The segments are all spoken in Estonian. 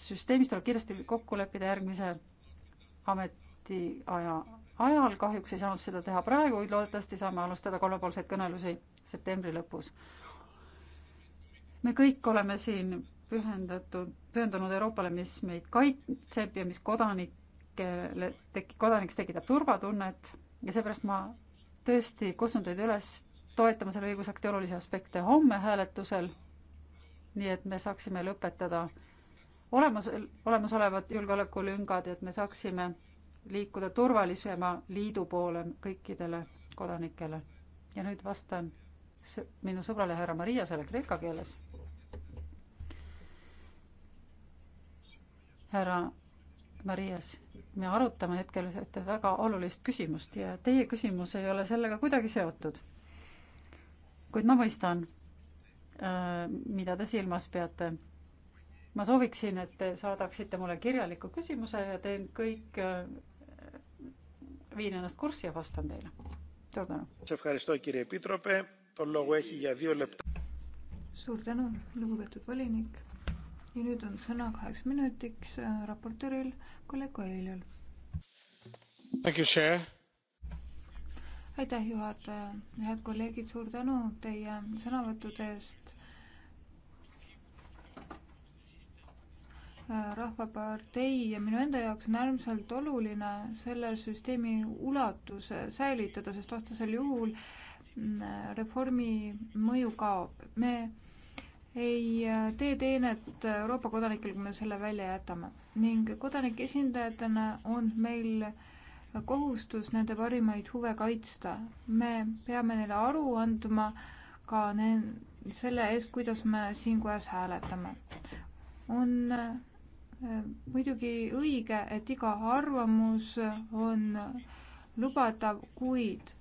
süsteemis tuleb kiiresti kokku leppida järgmise ametiaja ajal, kahjuks ei saanud seda teha praegu, kuid loodetavasti saame alustada kolmepoolseid kõnelusi septembri lõpus. me kõik oleme siin pühendatud, pühendunud Euroopale, mis meid kaitseb ja mis kodanikele tek-, kodanikes tekitab turvatunnet ja seepärast ma tõesti kutsun teid üles toetama selle õigusakti olulisi aspekte homme hääletusel, nii et me saaksime lõpetada olemas, olemasolevad julgeolekulüngad, et me saaksime liikuda turvalisema liidu poole kõikidele kodanikele. ja nüüd vastan minu sõbrale härra Mariasele kreeka keeles. härra Marias, me arutame hetkel ühte väga olulist küsimust ja teie küsimus ei ole sellega kuidagi seotud. kuid ma mõistan, äh, mida te silmas peate ma sooviksin, et te saadaksite mulle kirjaliku küsimuse ja teen kõik, äh, viin ennast kurssi ja vastan teile. suur tänu. suur tänu, lugupeetud volinik. ja nüüd on sõna kaheks minutiks äh, raportööril kolleeg Koiljal. aitäh, juhataja. head kolleegid, suur tänu teie sõnavõttude eest Rahvapartei ja minu enda jaoks on äärmiselt oluline selle süsteemi ulatus säilitada, sest vastasel juhul mm, reformi mõju kaob. me ei äh, tee teenet Euroopa kodanikele, kui me selle välja jätame ning kodanike esindajatena on meil kohustus nende parimaid huve kaitsta. me peame neile aru andma ka ne-, selle eest, kuidas me siin kojas hääletame. on äh, muidugi õige, et iga arvamus on lubatav, kuid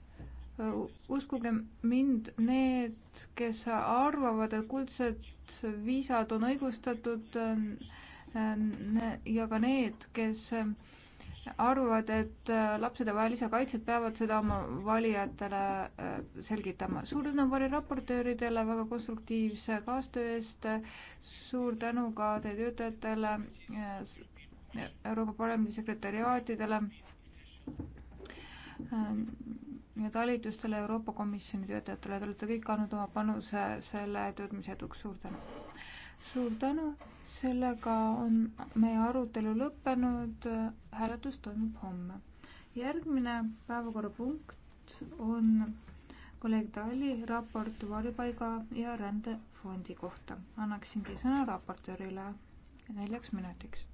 uskuge mind, need, kes arvavad, et kuldsed viisad on õigustatud ja ka need, kes arvavad, et äh, lapsed ja vaelise kaitsjad peavad seda oma valijatele äh, selgitama. suur tänu variraportööridele väga konstruktiivse kaastöö eest, suur tänu ka teie töötajatele, äh, Euroopa Parlamendi sekretäriaatidele ja talitustele, Euroopa Komisjoni töötajatele, te olete kõik andnud oma panuse selle töötamise eduks, suur tänu! suur tänu, sellega on meie arutelu lõppenud, hääletus toimub homme. järgmine päevakorrapunkt on kolleeg Tali raport varjupaiga ja rändefondi kohta. annaksingi sõna raportöörile neljaks minutiks.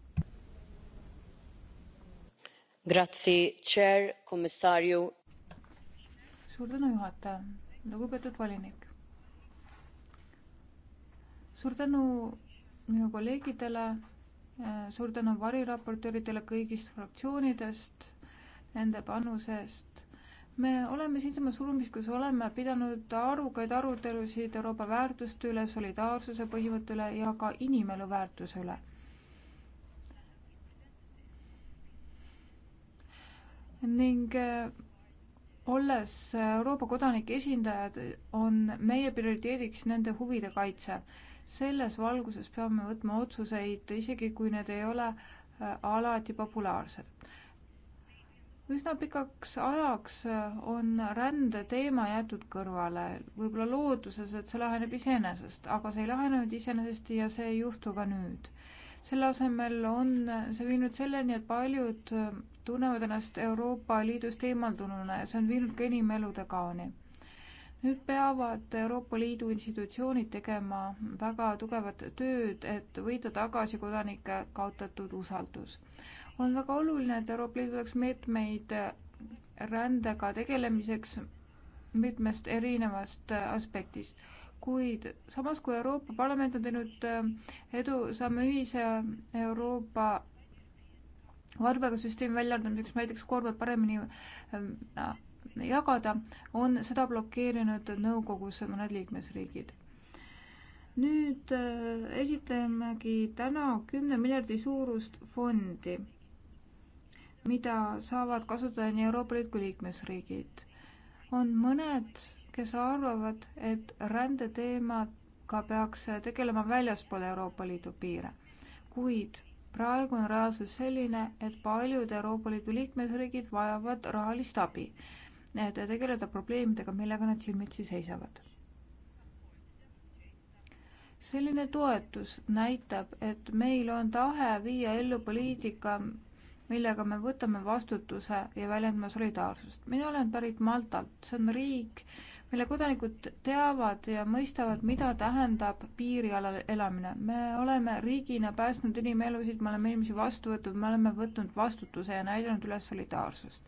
Grazie, chair, komissarju. suur tänu, juhataja. lugupeetud volinik suur tänu minu kolleegidele, äh, suur tänu variraportööridele kõigist fraktsioonidest, nende panuse eest. me oleme siinsamas ruumis, kus oleme pidanud arukaid arutelusid Euroopa väärtuste üle, solidaarsuse põhimõtte üle ja ka inimelu väärtuse üle. ning äh, olles Euroopa kodanike esindajad, on meie prioriteediks nende huvide kaitse selles valguses peame võtma otsuseid, isegi kui need ei ole äh, alati populaarsed. üsna pikaks ajaks äh, on rändeteema jäetud kõrvale, võib-olla looduses, et see laheneb iseenesest, aga see ei lahenenud iseenesest ja see ei juhtu ka nüüd selle asemel on äh, see viinud selleni, et paljud tunnevad ennast Euroopa Liidust eemaldununa ja see on viinud ka inimelude kaani nüüd peavad Euroopa Liidu institutsioonid tegema väga tugevat tööd, et võita tagasi kodanike kaotatud usaldus. on väga oluline, et Euroopa Liidul oleks meetmeid rändega tegelemiseks mitmest erinevast aspektist, kuid samas, kui Euroopa Parlament on teinud äh, edu, saame ühise Euroopa varbaga süsteemi väljaarendamiseks näiteks korduvalt paremini äh, jagada, on seda blokeerinud nõukogus mõned liikmesriigid. nüüd äh, esitlemegi täna kümne miljardi suurust fondi, mida saavad kasutada nii Euroopa Liit kui liikmesriigid. on mõned, kes arvavad, et rändeteemaga peaks tegelema väljaspool Euroopa Liidu piire, kuid praegu on reaalsus selline, et paljud Euroopa Liidu liikmesriigid vajavad rahalist abi et tegeleda probleemidega, millega nad silmitsi seisavad. selline toetus näitab, et meil on tahe viia ellu poliitika, millega me võtame vastutuse ja väljendame solidaarsust. mina olen pärit Maltalt, see on riik, mille kodanikud teavad ja mõistavad, mida tähendab piirialal elamine. me oleme riigina päästnud inimelusid, me oleme inimesi vastu võtnud, me oleme võtnud vastutuse ja näidanud üles solidaarsust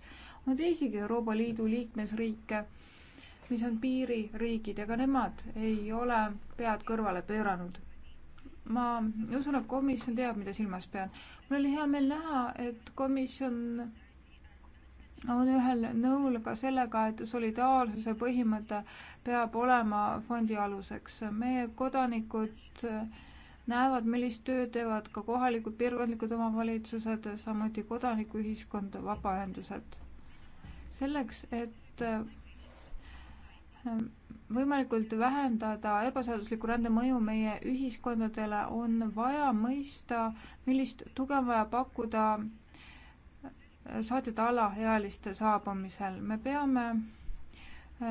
on teisigi Euroopa Liidu liikmesriike, mis on piiririigid, ega nemad ei ole pead kõrvale pööranud. ma usun, et komisjon teab, mida silmas pean. mul oli hea meel näha, et komisjon on ühel nõul ka sellega, et solidaarsuse põhimõte peab olema fondi aluseks. meie kodanikud näevad, millist tööd teevad ka kohalikud piirkondlikud omavalitsused, samuti kodanikuühiskond, vabaühendused selleks, et äh, võimalikult vähendada ebaseadusliku rände mõju meie ühiskondadele, on vaja mõista, millist tuge on vaja pakkuda äh, saatjate alaealiste saabumisel. me peame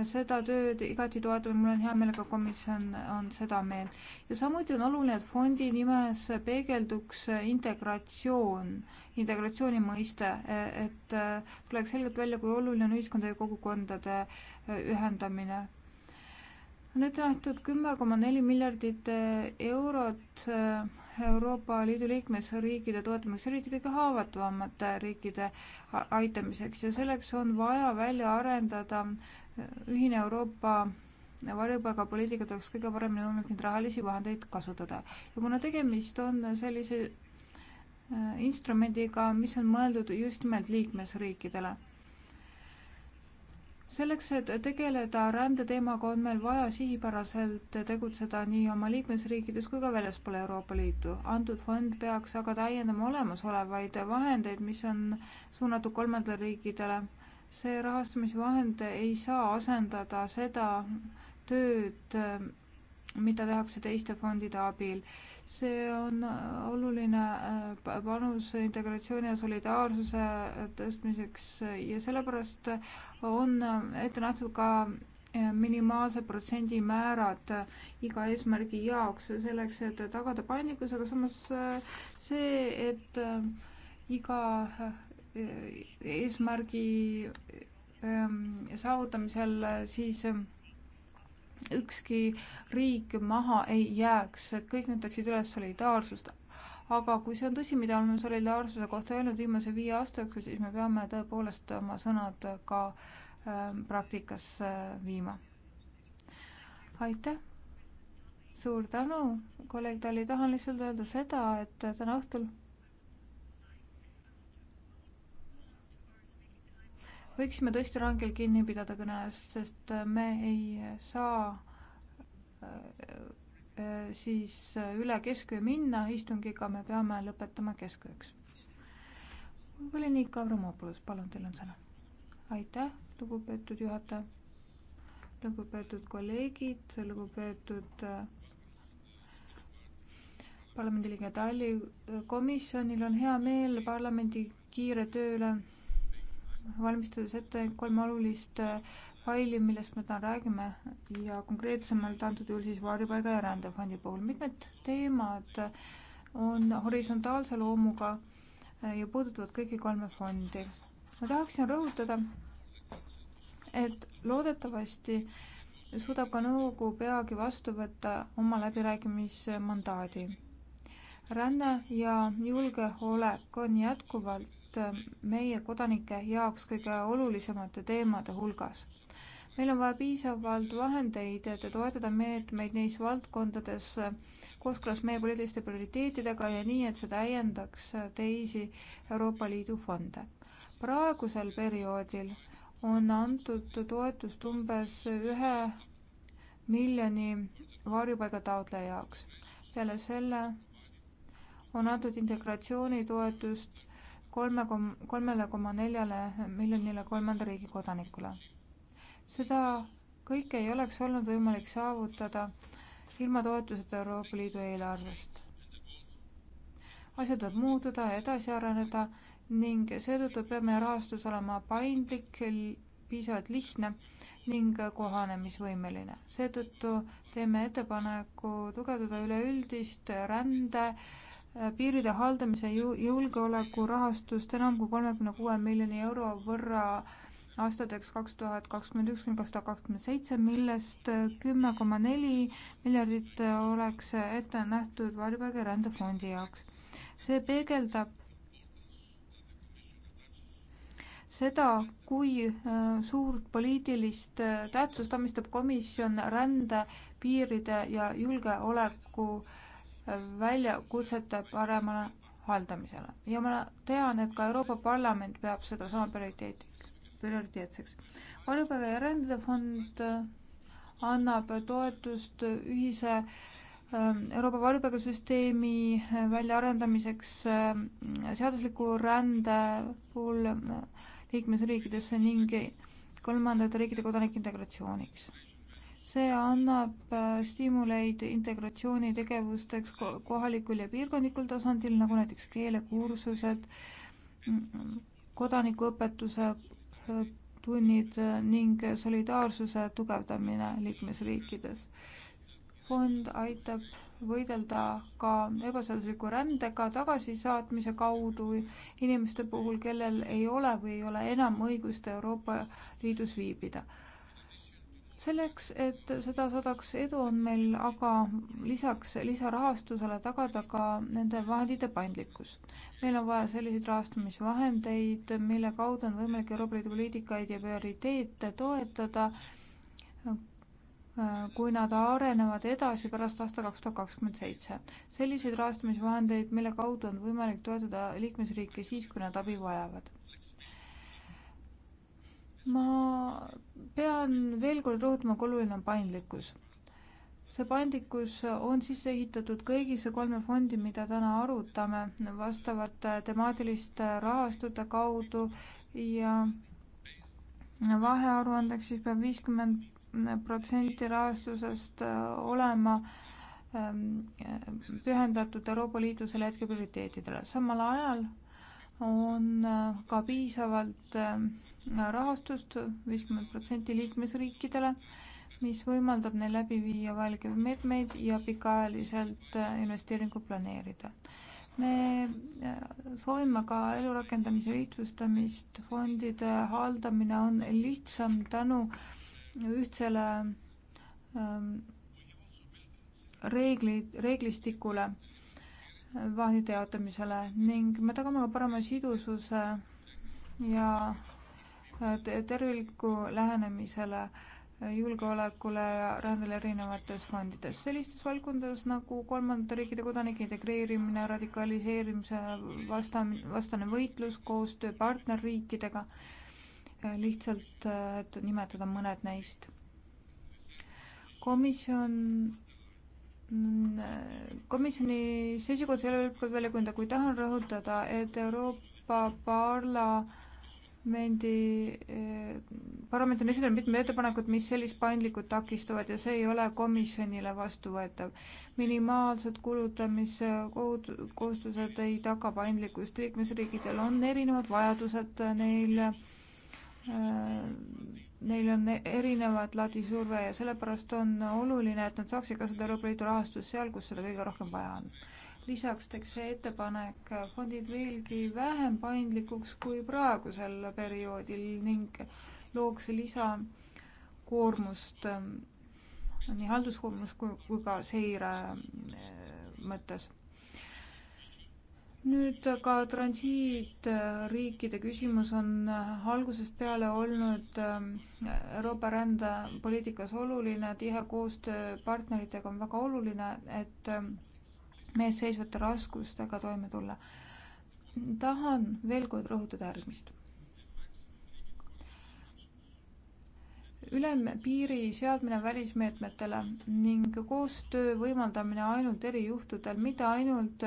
seda tööd igati toetame, mul on hea meel, ka komisjon on seda meelt. ja samuti on oluline, et fondi nimes peegelduks integratsioon, integratsiooni mõiste, et tuleks selgelt välja, kui oluline on ühiskondade ja kogukondade ühendamine. on ette nähtud kümme koma neli miljardit eurot Euroopa Liidu liikmesriikide toetamiseks, eriti kõige haavatavamate riikide aitamiseks ja selleks on vaja välja arendada äh, ühine Euroopa varjupaigapoliitika tuleks kõige paremini olnud neid rahalisi vahendeid kasutada. ja kuna tegemist on sellise äh, instrumendiga, mis on mõeldud just nimelt liikmesriikidele selleks, et tegeleda rändeteemaga, on meil vaja sihipäraselt tegutseda nii oma liikmesriikides kui ka väljaspool Euroopa Liitu. antud fond peaks aga täiendama olemasolevaid vahendeid, mis on suunatud kolmandale riikidele. see rahastamisvahend ei saa asendada seda tööd, mida tehakse teiste fondide abil see on äh, oluline äh, panus integratsiooni ja solidaarsuse äh, tõstmiseks ja sellepärast on ette nähtud ka minimaalsed protsendimäärad iga eesmärgi jaoks, selleks et tagada paindlikkus, aga samas see, et iga eesmärgi saavutamisel siis ükski riik maha ei jääks, et kõik näitaksid üles solidaarsust. aga kui see on tõsi, mida oleme solidaarsuse kohta öelnud viimase viie aasta jooksul, siis me peame tõepoolest oma sõnad ka äh, praktikasse äh, viima. aitäh! suur tänu, kolleeg Tali, tahan lihtsalt öelda seda, et täna õhtul võiksime tõesti rangelt kinni pidada kõne eest, sest äh, me ei saa äh, äh, siis üle keskööö minna istungiga, me peame lõpetama keskööks. volinik Avramopoulos, palun, teil on sõna. aitäh, lugupeetud juhataja, lugupeetud kolleegid, lugupeetud parlamendiliige Tali komisjonil on hea meel parlamendi kiire töö üle valmistades ette kolm olulist äh, faili, millest me täna räägime ja konkreetsemalt antud juhul siis varjupaiga ja rändefondi puhul. mitmed teemad äh, on horisontaalse loomuga äh, ja puudutavad kõiki kolme fondi. ma tahaksin rõhutada, et loodetavasti suudab ka nõukogu peagi vastu võtta oma läbirääkimismandaadi. ränne ja julgeolek on jätkuvalt just äh, meie kodanike jaoks kõige olulisemate teemade hulgas. meil on vaja piisavalt vahendeid, et toetada meetmeid neis valdkondades äh, kooskõlas meie poliitiliste prioriteetidega ja nii, et see täiendaks äh, teisi Euroopa Liidu fonde. praegusel perioodil on antud toetust umbes ühe miljoni varjupaiga taotleja jaoks. peale selle on antud integratsioonitoetust kolme kom-, kolmele koma neljale miljonile kolmanda riigi kodanikule. seda kõike ei oleks olnud võimalik saavutada ilma toetuseta Euroopa Liidu eelarvest. asjad tuleb muutuda ja edasi areneda ning seetõttu peab meie rahastus olema paindlik, piisavalt lihtne ning kohanemisvõimeline. seetõttu teeme ettepaneku tugevdada üleüldist rände Äh, piiride haldamise julgeoleku rahastust enam kui kolmekümne kuue miljoni euro võrra aastateks kaks tuhat kakskümmend üks kuni kaks tuhat kakskümmend seitse, millest äh, kümme koma neli miljardit äh, oleks ette nähtud varjupaiga ja rändefondi jaoks. see peegeldab seda, kui suurt poliitilist tähtsust omistab komisjon rände, piiride ja julgeoleku äh, väljakutsete paremale haldamisele ja ma tean, et ka Euroopa Parlament peab seda sama prioriteetiks, prioriteetseks. varjupaiga ja rändefond äh, annab toetust ühise ähm, Euroopa varjupaigasüsteemi äh, väljaarendamiseks äh, seadusliku rände puhul liikmesriikidesse ning kolmandate riikide kodanike integratsiooniks see annab äh, stiimuleid integratsioonitegevusteks kohalikul ja piirkondlikul tasandil, nagu näiteks keelekursused, kodanikuõpetuse äh, tunnid äh, ning solidaarsuse tugevdamine liikmesriikides. fond aitab võidelda ka ebaseadusliku rändega tagasisaatmise kaudu inimeste puhul, kellel ei ole või ei ole enam õigust Euroopa Liidus viibida selleks, et seda saadaks edu, on meil aga lisaks lisarahastusele tagada ka nende vahendite paindlikkus. meil on vaja selliseid rahastamisvahendeid, mille kaudu on võimalik Euroopa Liidu poliitikaid ja prioriteete toetada, kui nad arenevad edasi pärast aasta kaks tuhat kakskümmend seitse. selliseid rahastamisvahendeid, mille kaudu on võimalik toetada liikmesriike siis, kui nad abi vajavad ma pean veel kord rõhutama, kui oluline on paindlikkus. see paindlikkus on sisse ehitatud kõigisse kolme fondi, mida täna arutame, vastavate temaatiliste rahastute kaudu ja vahearuandeks siis peab viiskümmend protsenti rahastusest äh, olema ähm, pühendatud Euroopa Liidu selle hetke prioriteetidele. samal ajal on äh, ka piisavalt äh, rahastust, viiskümmend protsenti liikmesriikidele, mis võimaldab neil läbi viia vajalikke meetmeid ja pikaajaliselt äh, investeeringuid planeerida. me soovime ka elu rakendamise lihtsustamist, fondide haldamine on lihtsam tänu ühtsele ähm, reeglid, reeglistikule vahendite jaotamisele ning me tagame ka parema sidususe ja äh, tervikliku lähenemisele äh, julgeolekule ja rändele erinevates fondides. sellistes valdkondades nagu kolmandate riikide kodanike integreerimine, radikaliseerimise vasta-, vastane võitlus, koostöö partnerriikidega, äh, lihtsalt, et nimetada mõned neist. komisjon Mm, komisjoni seisukoht ei ole välja kujundada, kuid tahan rõhutada, et Euroopa Parlamendi, eh, parlament on esitanud mitmed ettepanekud, mis sellist paindlikkust takistavad ja see ei ole komisjonile vastuvõetav. minimaalsed kulutamiskohustused ei taga paindlikkust, liikmesriikidel on erinevad vajadused, neil Äh, neil on erinevat laadi surve ja sellepärast on oluline, et nad saaksid kasutada Euroopa Liidu rahastust seal, kus seda kõige rohkem vaja on. lisaks teeks see ettepanek fondid veelgi vähem paindlikuks kui praegusel perioodil ning looks lisakoormust äh, nii halduskoormus kui, kui ka seire äh, mõttes nüüd ka transiitriikide küsimus on algusest peale olnud ähm, Euroopa rändepoliitikas oluline, tihe koostöö partneritega on väga oluline, et ähm, mees seisvate raskustega toime tulla. tahan veel kord rõhutada järgmist. ülempiiri seadmine välismeetmetele ning koostöö võimaldamine ainult erijuhtudel mitte ainult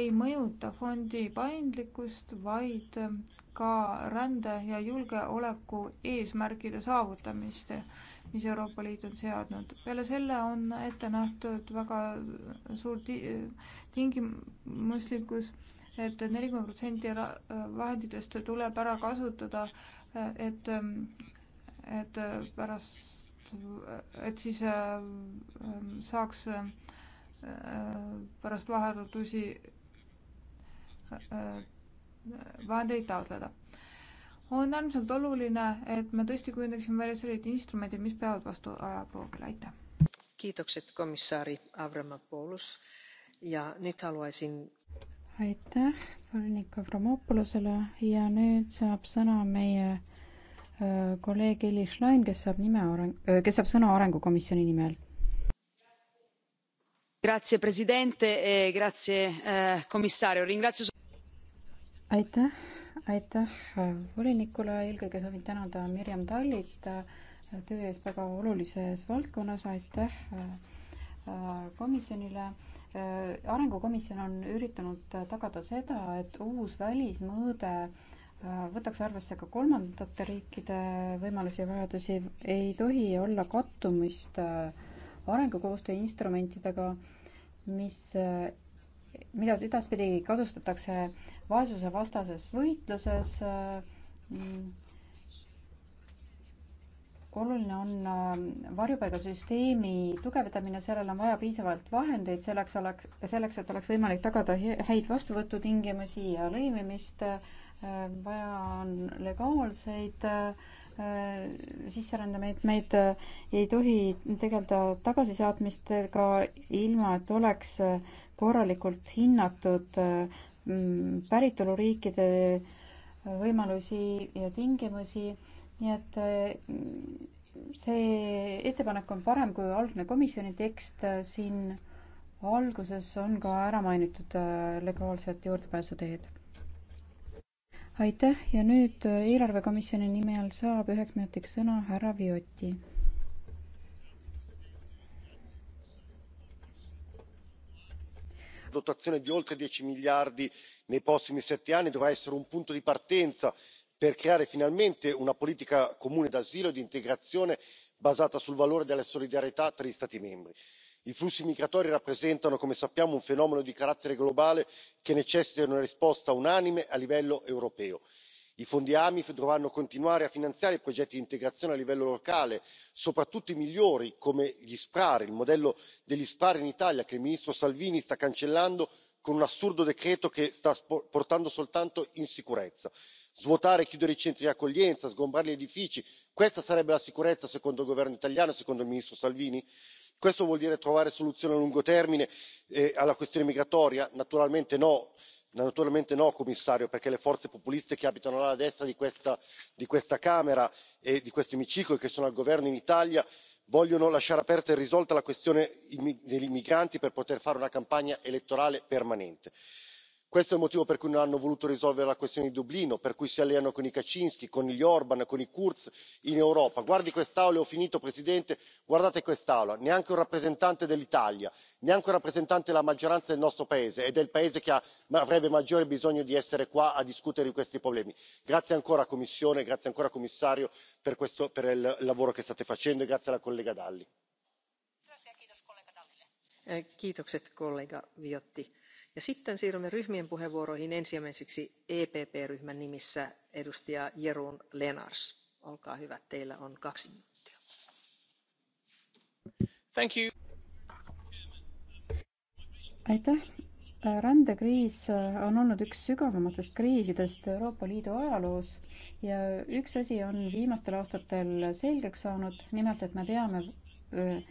ei mõjuta fondi paindlikkust, vaid ka rände ja julgeoleku eesmärkide saavutamist, mis Euroopa Liit on seadnud. peale selle on ette nähtud väga suur ti-, tingimuslikkus et, et nelikümmend protsenti vahenditest tuleb ära kasutada, et et äh, pärast, äh, et siis äh, ähm, saaks pärast vahetusi vahendeid taotleda. on äärmiselt oluline, et me tõesti kujundaksime välja sellised instrumendid, mis peavad vastu ajaproovile, aitäh. kiitokset komissari Avramopoulos ja nüüd haluaisin aitäh volinik Avramopolosele ja nüüd saab sõna meie Äh, kolleeg Elis Schlein, kes saab nime areng-, äh, kes saab sõna Arengukomisjoni nimel. E äh, aitäh, aitäh volinikule, eelkõige soovin tänada Mirjam Tallit töö eest väga olulises valdkonnas, aitäh komisjonile arengukomisjon on üritanud tagada seda, et uus välismõõde võtaks arvesse ka kolmandate riikide võimalusi ja vajadusi, ei tohi olla kattumist äh, arengukoostöö instrumentidega, mis, äh, mida edaspidi kasutatakse vaesusevastases võitluses. Äh, oluline on varjupaigasüsteemi tugevdamine, sellel on vaja piisavalt vahendeid, selleks oleks, selleks, et oleks võimalik tagada häid vastuvõtutingimusi ja lõimimist vaja on legaalseid äh, sisserändemeetmeid, ei tohi tegeleda tagasisaatmistega ilma, et oleks korralikult hinnatud mm, päritoluriikide võimalusi ja tingimusi, nii et mm, see ettepanek on parem kui algne komisjoni tekst, siin alguses on ka ära mainitud äh, legaalsed juurdepääsuteed aitäh ja nüüd äh, eelarvekomisjoni nimel saab üheks minutiks sõna härra Viotti. dotazione di oltre dieci miliardi nei prossimi sette anni dovrà essere un punto di partenza per creare finalmente una politica comune d'asilo e di integrazione basata sul valore della solidarietà tra gli stati membri i flussi migratori rappresentano come sappiamo un fenomeno di carattere globale che necessita di una risposta unanime a livello europeo. i fondi amif dovranno continuare a finanziare progetti di integrazione a livello locale soprattutto i migliori come gli sprar il modello degli sprar in italia che il ministro salvini sta cancellando con un assurdo decreto che sta portando soltanto insicurezza. svuotare e chiudere i centri di accoglienza sgombrare gli edifici questa sarebbe la sicurezza secondo il governo italiano e secondo il ministro salvini? questo vuol dire trovare soluzioni a lungo termine eh, alla questione migratoria? naturalmente no commissario perché le forze populiste che abitano l'ala destra di questa camera e di questo emiciclo e che sono al governo in italia vogliono lasciare aperta e irrisolta la questione dei migranti per poter fare una campagna elettorale permanente questo è il motivo per cui non hanno voluto risolvere la questione di dublino per cui si alleano con i kaczyski con gli orbn con i kurz in europa. guardi quest'aula e ho finito presidente guardate quest'aula neanche un rappresentante dell'italia neanche un rappresentante della maggioranza del nostro paese ed è il paese che avrebbe maggiore bisogno di essere qua a discutere di questi problemi. grazie ancora commissione grazie ancora commissario per il lavoro che state facendo e grazie alla collega dalli sitten siirrymme ryhmien puheenvuoroihin ensimmäiseksi epp ryhmän nimissä edustaja jeroen lenaers olkaa hyvä teillä on kaksi minuuttia. aitäh! rändekriis on olnud üks sügavamatest kriisidest Euroopa Liidu ajaloos ja üks asi on viimastel aastatel selgeks saanud, nimelt et me peame äh,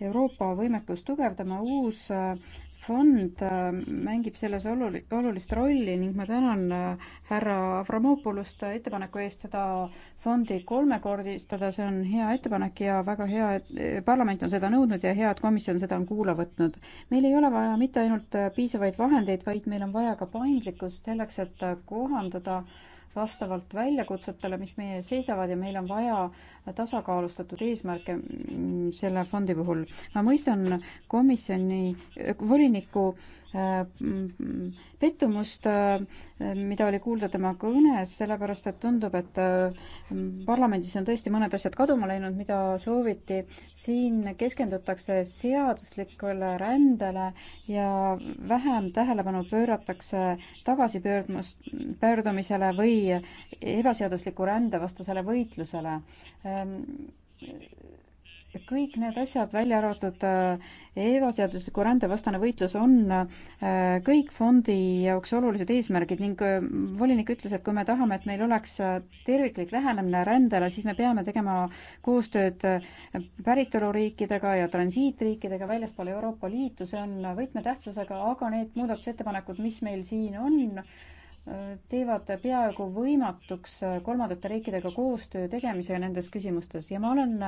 Euroopa võimekust tugevdama, uus äh, fond äh, mängib selles oluli-, olulist rolli ning ma tänan äh, härra Avramopoulost äh, ettepaneku eest seda fondi kolmekordistada, see on hea ettepanek ja väga hea, et parlament on seda nõudnud ja hea, et komisjon seda on kuula võtnud. meil ei ole vaja mitte ainult piisavaid vahendeid, vaid meil on vaja ka paindlikkust selleks, et kohandada äh, vastavalt väljakutsetele, mis meie ees seisavad ja meil on vaja tasakaalustatud eesmärke mm, selle fondi puhul. ma mõistan komisjoni, äh, voliniku pettumust, mida oli kuulda tema kõnes, sellepärast et tundub, et mm, parlamendis on tõesti mõned asjad kaduma läinud, mida sooviti. siin keskendutakse seaduslikule rändele ja vähem tähelepanu pööratakse tagasipöördmust, pöördumisele või ebaseadusliku rände vastasele võitlusele kõik need asjad, välja arvatud äh, ebaseadusliku rände vastane võitlus, on äh, kõik fondi jaoks olulised eesmärgid ning äh, volinik ütles, et kui me tahame, et meil oleks terviklik lähenemine rändele, siis me peame tegema koostööd päritoluriikidega ja transiitriikidega väljaspool Euroopa Liitu, see on võtmetähtsusega, aga need muudatusettepanekud, mis meil siin on, teevad peaaegu võimatuks kolmandate riikidega koostöö tegemise nendes küsimustes ja ma olen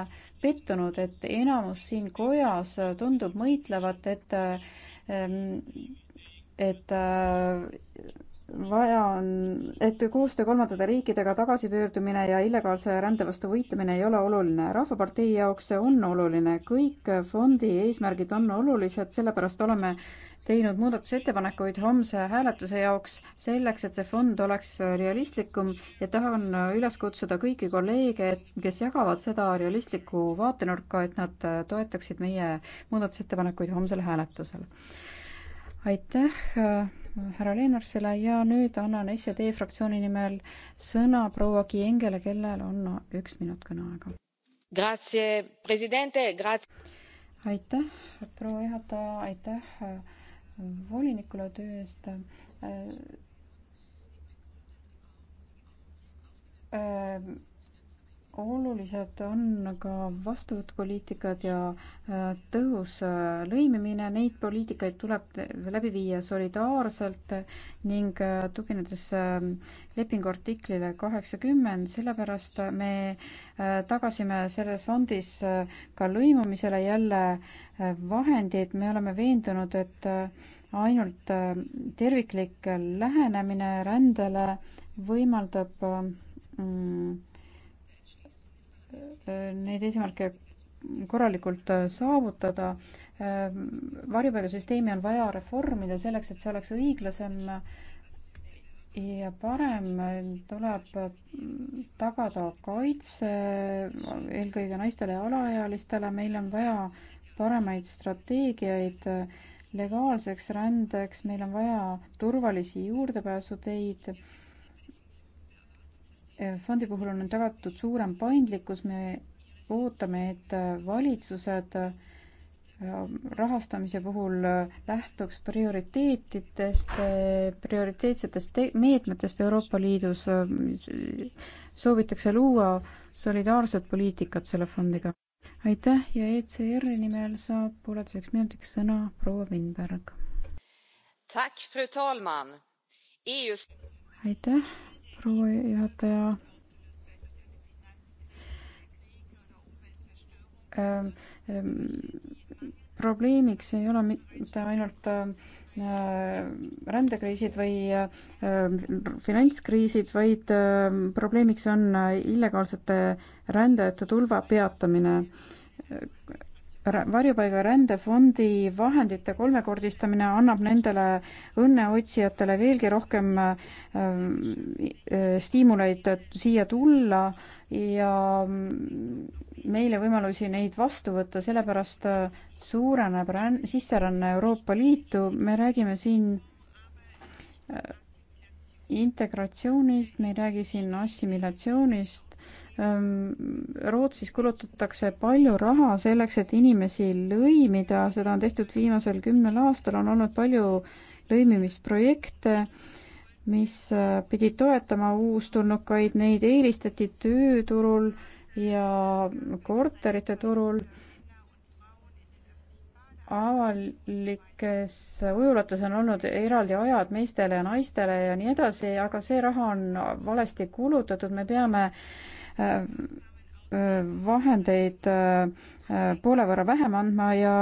pettunud, et enamus siin kojas tundub mõitlevat, et ähm, et äh, vaja on, et koostöö kolmandate riikidega tagasipöördumine ja illegaalse rände vastu võitlemine ei ole oluline. rahvapartei jaoks see on oluline, kõik fondi eesmärgid on olulised, sellepärast oleme äh, teinud muudatusettepanekuid homse hääletuse jaoks selleks, et see fond oleks realistlikum ja tahan üles kutsuda kõiki kolleege, kes jagavad seda realistlikku vaatenurka, et nad toetaksid meie muudatusettepanekuid homsel hääletusel. aitäh härra Leenarsele ja nüüd annan SED fraktsiooni nimel sõna proua Kiengele, kellel on üks minut kõneaega. aitäh, proua juhataja, aitäh volinikule töö eest äh,. Äh, olulised on ka vastuvõtupoliitikad ja äh, tõhus äh, lõimimine, neid poliitikaid tuleb läbi viia solidaarselt ning äh, tuginedes ähm, lepingu artiklile kaheksakümmend, sellepärast me tagasime selles fondis ka lõimumisele jälle vahendid, me oleme veendunud, et ainult terviklik lähenemine rändele võimaldab mm, neid eesmärke korralikult äh, saavutada. Ähm, varjupaigasüsteemi on vaja reformida selleks, et see oleks õiglasem ja parem, tuleb äh, tagada kaitse eelkõige naistele ja alaealistele, meil on vaja paremaid strateegiaid äh, legaalseks rändeks, meil on vaja turvalisi juurdepääsuteid fondi puhul on tagatud suurem paindlikkus, me ootame, et valitsused äh, rahastamise puhul äh, lähtuks prioriteetidest, äh, prioriteetsetest meetmetest Euroopa Liidus. soovitakse luua solidaarset poliitikat selle fondiga. aitäh ja ECR-i nimel saab pooleteiseks minutiks sõna proua Vinberg. E aitäh, proua juhataja ähm,. Ähm, probleemiks ei ole mitte ainult äh, rändekriisid või ähm, finantskriisid, vaid ähm, probleemiks on äh, illegaalsete rändajate tulva peatamine varjupaiga rändefondi vahendite kolmekordistamine annab nendele õnneotsijatele veelgi rohkem äh, stiimuleid siia tulla ja meile võimalusi neid vastu võtta, sellepärast äh, suureneb ränn-, sisseränne Euroopa Liitu, me räägime siin äh, integratsioonist, me ei räägi siin assimilatsioonist Rootsis kulutatakse palju raha selleks, et inimesi lõimida, seda on tehtud viimasel kümnel aastal, on olnud palju lõimimisprojekte, mis äh, pidid toetama uustulnukaid, neid eelistati tööturul ja korterite turul. avalikes ujulates on olnud eraldi ajad meestele ja naistele ja nii edasi, aga see raha on valesti kulutatud, me peame äh, vahendeid äh, poole võrra vähem andma ja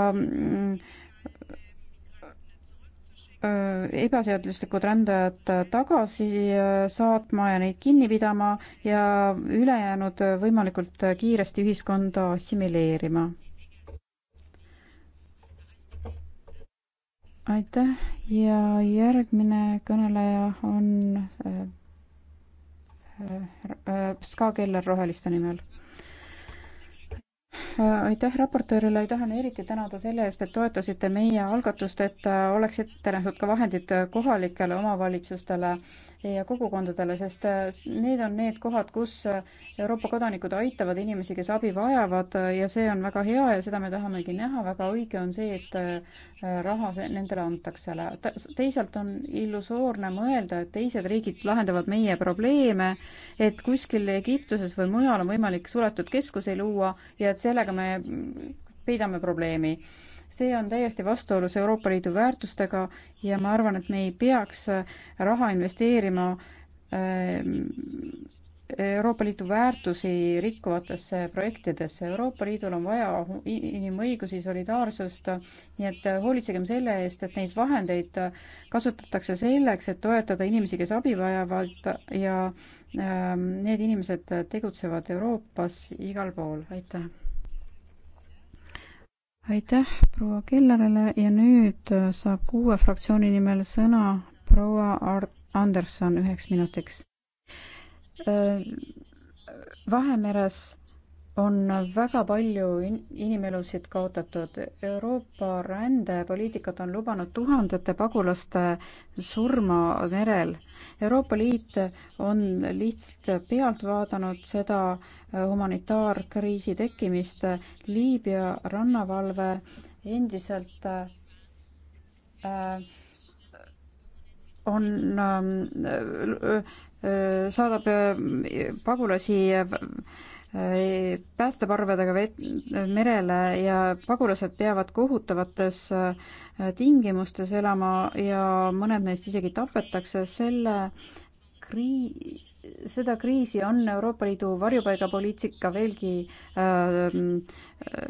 äh, ebaseaduslikud rändajad tagasi äh, saatma ja neid kinni pidama ja ülejäänud võimalikult kiiresti ühiskonda assimileerima. aitäh ja järgmine kõneleja on Äh, äh, Ska Keller Roheliste nimel äh, aitäh raportöörile, tahan eriti tänada selle eest, et toetasite meie algatust, et oleks ette nähtud ka vahendid kohalikele omavalitsustele ja kogukondadele, sest äh, need on need kohad, kus äh, Euroopa kodanikud aitavad inimesi, kes abi vajavad äh, ja see on väga hea ja seda me tahamegi näha, väga õige on see, et raha nendele antakse. teisalt on illusoorne mõelda, et teised riigid lahendavad meie probleeme, et kuskil Egiptuses või mujal on võimalik suletud keskusi luua ja et sellega me peidame probleemi see on täiesti vastuolus Euroopa Liidu väärtustega ja ma arvan, et me ei peaks äh, raha investeerima ähm, Euroopa Liidu väärtusi rikkuvatesse projektidesse. Euroopa Liidul on vaja inimõigusi, solidaarsust, nii et äh, hoolitsegem selle eest, et neid vahendeid äh, kasutatakse selleks, et toetada inimesi, kes abi vajavad ja ähm, need inimesed tegutsevad Euroopas igal pool, aitäh! aitäh proua Kellerile ja nüüd äh, saab kuue fraktsiooni nimel sõna proua Ar-, Anderson üheks minutiks. Äh, Vahemeres on väga palju inimelusid kaotatud. Euroopa rändepoliitikat on lubanud tuhandete pagulaste surma merel. Euroopa Liit on lihtsalt pealt vaadanud seda humanitaarkriisi tekkimist. Liibüa rannavalve endiselt äh, on ähm, äh, saadab äh, pagulasi äh, päästeparvedega vet-, merele ja pagulased peavad kohutavates äh, tingimustes elama ja mõned neist isegi tapetakse, selle krii-, seda kriisi on Euroopa Liidu varjupaigapoliitika veelgi äh, äh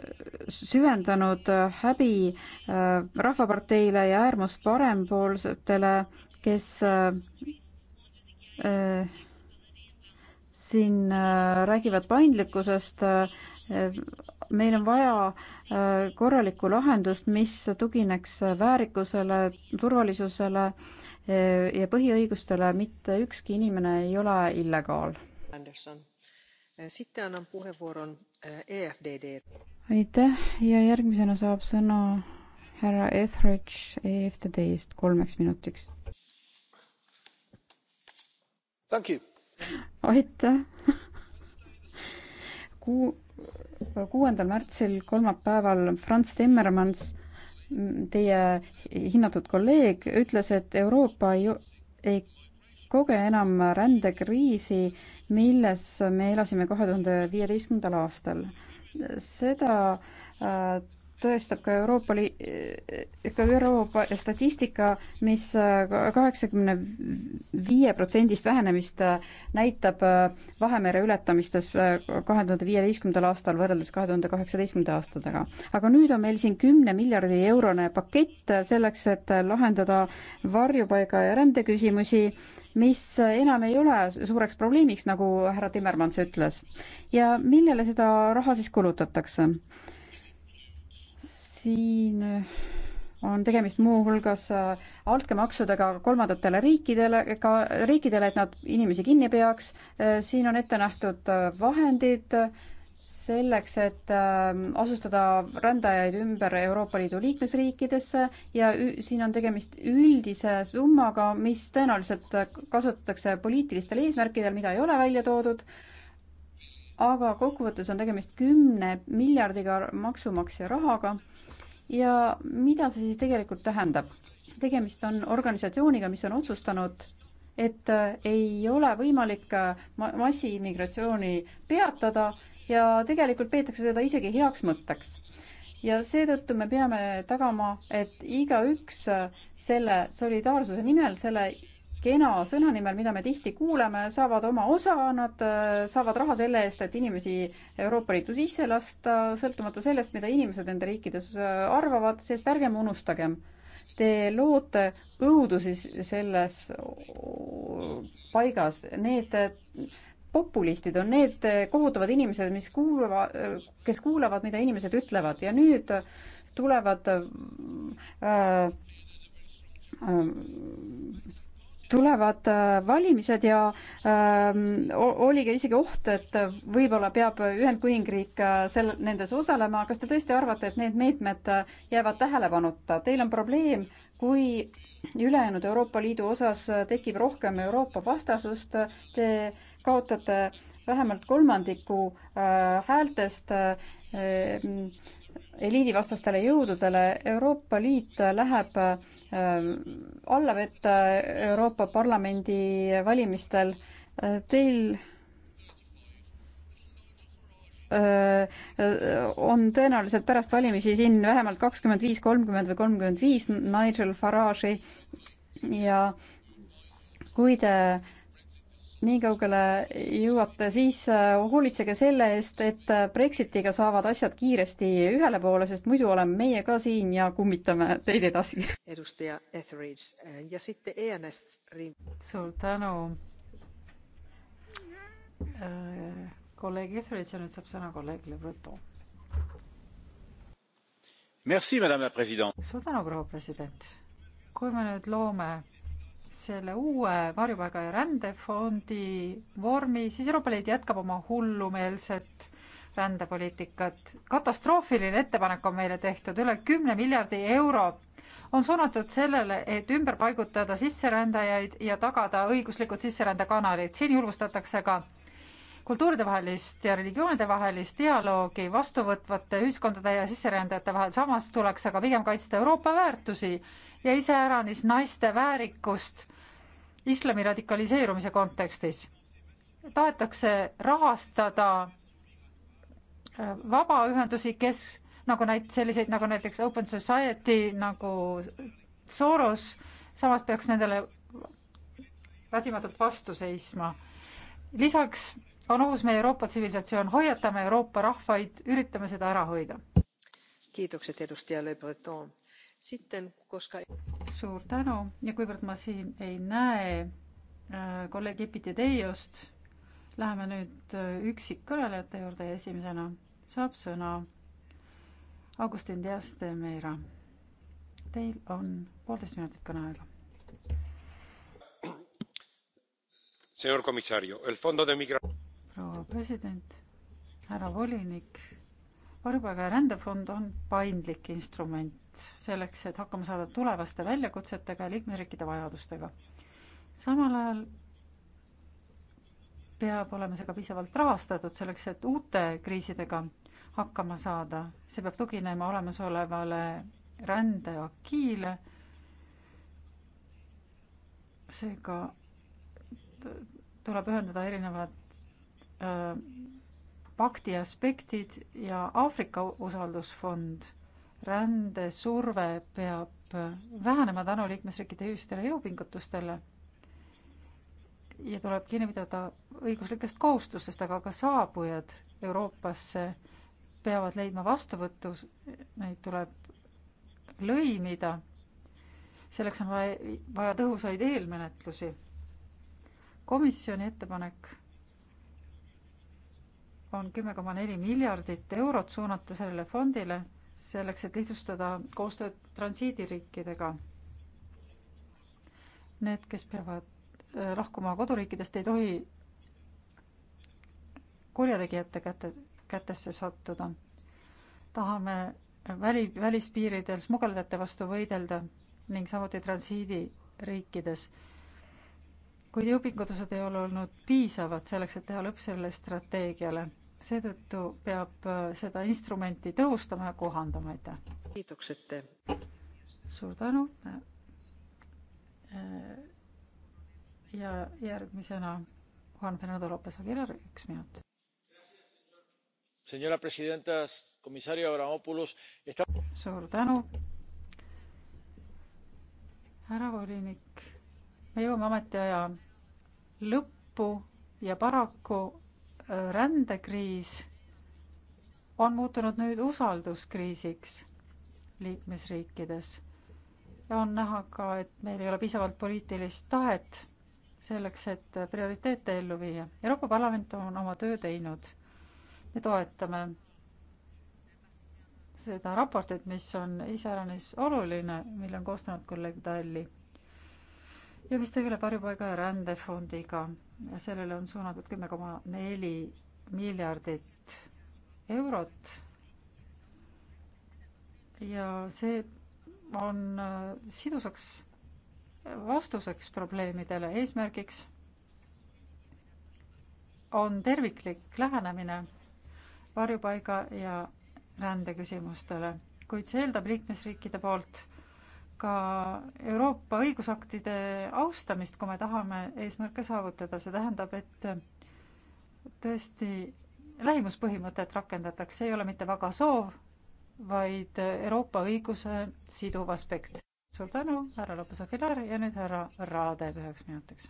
süvendanud häbi äh, Rahvaparteile ja äärmusparempoolsetele, kes äh, äh, siin äh, räägivad paindlikkusest. Äh, meil on vaja äh, korralikku lahendust, mis tugineks väärikusele, turvalisusele ja põhiõigustele, mitte ükski inimene ei ole illegaal. E aitäh ja järgmisena saab sõna härra Etheridge EFTD-st kolmeks minutiks. Thank you aitäh! Kuu, kuuendal märtsil kolmapäeval Franz Timmermans, teie hinnatud kolleeg, ütles, et Euroopa ei, ei koge enam rändekriisi, milles me elasime kahe tuhande viieteistkümnendal aastal. seda äh, tõestab ka Euroopa Li-, ka ÜRO statistika mis, mis kaheksakümne viie protsendist vähenemist näitab Vahemere ületamistes kahe tuhande viieteistkümnendal aastal võrreldes kahe tuhande kaheksateistkümnenda aastatega. aga nüüd on meil siin kümne miljardi eurone pakett selleks, et lahendada varjupaiga ja rändeküsimusi mis enam ei ole suureks probleemiks, nagu härra Timmermans ütles. ja millele seda raha siis kulutatakse? siin on tegemist muuhulgas äh, altkäemaksudega kolmandatele riikidele, ka riikidele, et nad inimesi kinni peaks. Äh, siin on ette nähtud äh, vahendid selleks, et ähm, asustada rändajaid ümber Euroopa Liidu liikmesriikidesse ja siin on tegemist üldise summaga, mis tõenäoliselt kasutatakse poliitilistel eesmärkidel, mida ei ole välja toodud aga kokkuvõttes on tegemist kümne miljardiga maksumaksja rahaga ja mida see siis tegelikult tähendab? tegemist on organisatsiooniga, mis on otsustanud, et äh, ei ole võimalik äh, massiimmigratsiooni peatada ja tegelikult peetakse seda isegi heaks mõtteks ja seetõttu me peame tagama, et igaüks äh, selle solidaarsuse nimel, selle kena sõna nimel, mida me tihti kuuleme, saavad oma osa, nad äh, saavad raha selle eest, et inimesi Euroopa Liitu sisse lasta, sõltumata sellest, mida inimesed nende riikides äh, arvavad, sest ärgem unustagem, te loote õudusi selles paigas, need äh, populistid on need kohutavad inimesed, mis kuulva, kes kuulavad, mida inimesed ütlevad ja nüüd tulevad äh, äh, tulevad äh, valimised ja öö, oli ka isegi oht, et võib-olla peab Ühendkuningriik äh, sel, nendes osalema. kas te tõesti arvate, et need meetmed äh, jäävad tähelepanuta? Teil on probleem, kui ülejäänud Euroopa Liidu osas tekib rohkem Euroopa vastasust, te kaotate vähemalt kolmandiku äh, häältest äh, eliidivastastele jõududele. Euroopa Liit läheb äh, Ähm, alla võtta Euroopa Parlamendi valimistel. Äh, teil äh, on tõenäoliselt pärast valimisi siin vähemalt kakskümmend viis, kolmkümmend või kolmkümmend viis Nigel Farage'i ja kui te äh, nii kaugele jõuate, siis äh, hoolitsege selle eest, et äh, Brexitiga saavad asjad kiiresti ühele poole, sest muidu oleme meie ka siin ja kummitame teid edasi. edustaja Etheridge äh, ja siit ENF. suur tänu. kolleeg Etheridge ja nüüd saab sõna kolleeg Le Breton. suur tänu, proua president. kui me nüüd loome selle uue varjupaiga ja rändefondi vormi, siis Euroopa Liit jätkab oma hullumeelset rändepoliitikat. katastroofiline ettepanek on meile tehtud, üle kümne miljardi euro on suunatud sellele, et ümber paigutada sisserändajaid ja tagada õiguslikud sisserändekanalid. siin julgustatakse ka kultuuridevahelist ja religioonidevahelist dialoogi vastuvõtvate ühiskondade ja sisserändajate vahel. samas tuleks aga pigem kaitsta Euroopa väärtusi ja iseäranis naiste väärikust islami radikaliseerumise kontekstis. tahetakse rahastada äh, vabaühendusi, kes nagu näit-, selliseid nagu näiteks Open Society nagu Soros, samas peaks nendele väsimatult vastu seisma. lisaks on ohus meie Euroopa tsivilisatsioon, hoiatame Euroopa rahvaid, üritame seda ära hoida. kiitokset edustaja Le Breton sitten, koska... suur tänu ja kuivõrd ma siin ei näe äh, kolleeg Epitedeiost, läheme nüüd äh, üksikkõnelejate juurde ja esimesena saab sõna Augustin Dias de Meira. Teil on poolteist minutit kõneaega. proua president, härra volinik, varjupaiga ja rändefond on paindlik instrument selleks, et hakkama saada tulevaste väljakutsetega ja liikmesriikide vajadustega. samal ajal peab olema see ka piisavalt rahastatud selleks, et uute kriisidega hakkama saada, see peab tuginema olemasolevale rändeakiile. seega tuleb ühendada erinevad öö, äh, pakti aspektid ja Aafrika usaldusfond rändesurve peab vähenema tänu liikmesriikide ühistele jõupingutustele ja tuleb kinni pidada õiguslikest kohustustest, aga ka saabujad Euroopasse peavad leidma vastuvõttu, neid tuleb lõimida. selleks on vaja, vaja tõhusaid eelmenetlusi. komisjoni ettepanek on kümme koma neli miljardit eurot suunata sellele fondile selleks, et lihtsustada koostööd transiidiriikidega. Need, kes peavad äh, lahkuma koduriikidest, ei tohi kurjategijate käte, kätesse sattuda. tahame väli, välispiiridel smugeldajate vastu võidelda ning samuti transiidiriikides. kuid jõupingutused ei ole olnud piisavad selleks, et teha lõpp sellele strateegiale seetõttu peab äh, seda instrumenti tõhustama ja kohandama, aitäh. kiitoksete. suur tänu. Äh, ja järgmisena Juan Fernando Lopez Aguilar, üks minut. Señora presidenta, comisario Avramopoulos esta.... suur tänu. härra volinik, me jõuame ametiaja lõppu ja paraku rändekriis on muutunud nüüd usalduskriisiks liikmesriikides. ja on näha ka, et meil ei ole piisavalt poliitilist tahet selleks, et prioriteete ellu viia. Euroopa Parlament on oma töö teinud. me toetame seda raportit, mis on iseäranis oluline, mille on koostanud kolleeg Talli ja mis tegeleb varjupaiga ja rändefondiga ja sellele on suunatud kümme koma neli miljardit eurot. ja see on äh, sidusaks äh, vastuseks probleemidele, eesmärgiks on terviklik lähenemine varjupaiga ja rändeküsimustele, kuid see eeldab liikmesriikide poolt ka Euroopa õigusaktide austamist, kui me tahame eesmärke saavutada, see tähendab, et tõesti lähimuspõhimõtet rakendatakse, ei ole mitte väga soov, vaid Euroopa õiguse siduv aspekt. suur tänu, härra Lopes-Aguilar ja nüüd härra Raadev üheks minutiks.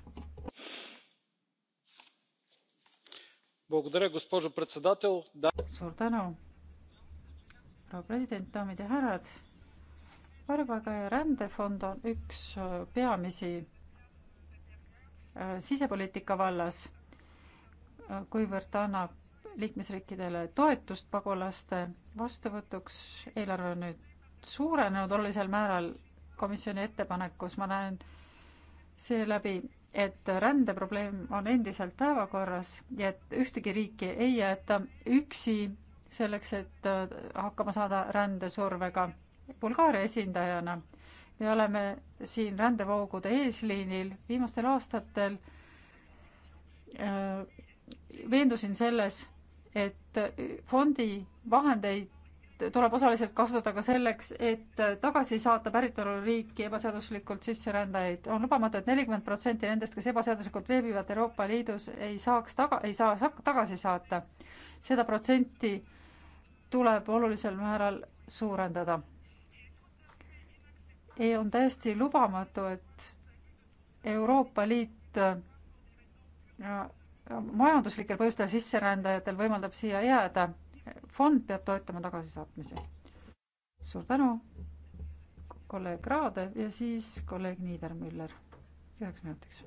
suur tänu, proua president, daamid ja härrad varjupaega ja rändefond on üks äh, peamisi äh, sisepoliitika vallas, äh, kuivõrd ta annab liikmesriikidele toetust pagulaste vastuvõtuks. eelarve on nüüd suurenenud olulisel määral komisjoni ettepanekus, ma näen seeläbi, et rändeprobleem on endiselt päevakorras ja et ühtegi riiki ei jäeta üksi selleks, et hakkama saada rändesurvega Bulgaaria esindajana. me oleme siin rändevoogude eesliinil viimastel aastatel öö, äh, veendusin selles, et fondi vahendeid tuleb osaliselt kasutada ka selleks, et tagasi saata päritoluriiki ebaseaduslikult sisserändajaid. on lubamatu et, et nelikümmend protsenti nendest, kes ebaseaduslikult veebivad Euroopa Liidus, ei saaks taga, ei saa tagasi saata. seda protsenti tuleb olulisel määral suurendada ei, on täiesti lubamatu, et Euroopa Liit äh, äh, majanduslikel põhjustel sisserändajatel võimaldab siia jääda. fond peab toetama tagasisaatmisi. suur tänu, kolleeg Raade ja siis kolleeg Niidermüller üheks minutiks.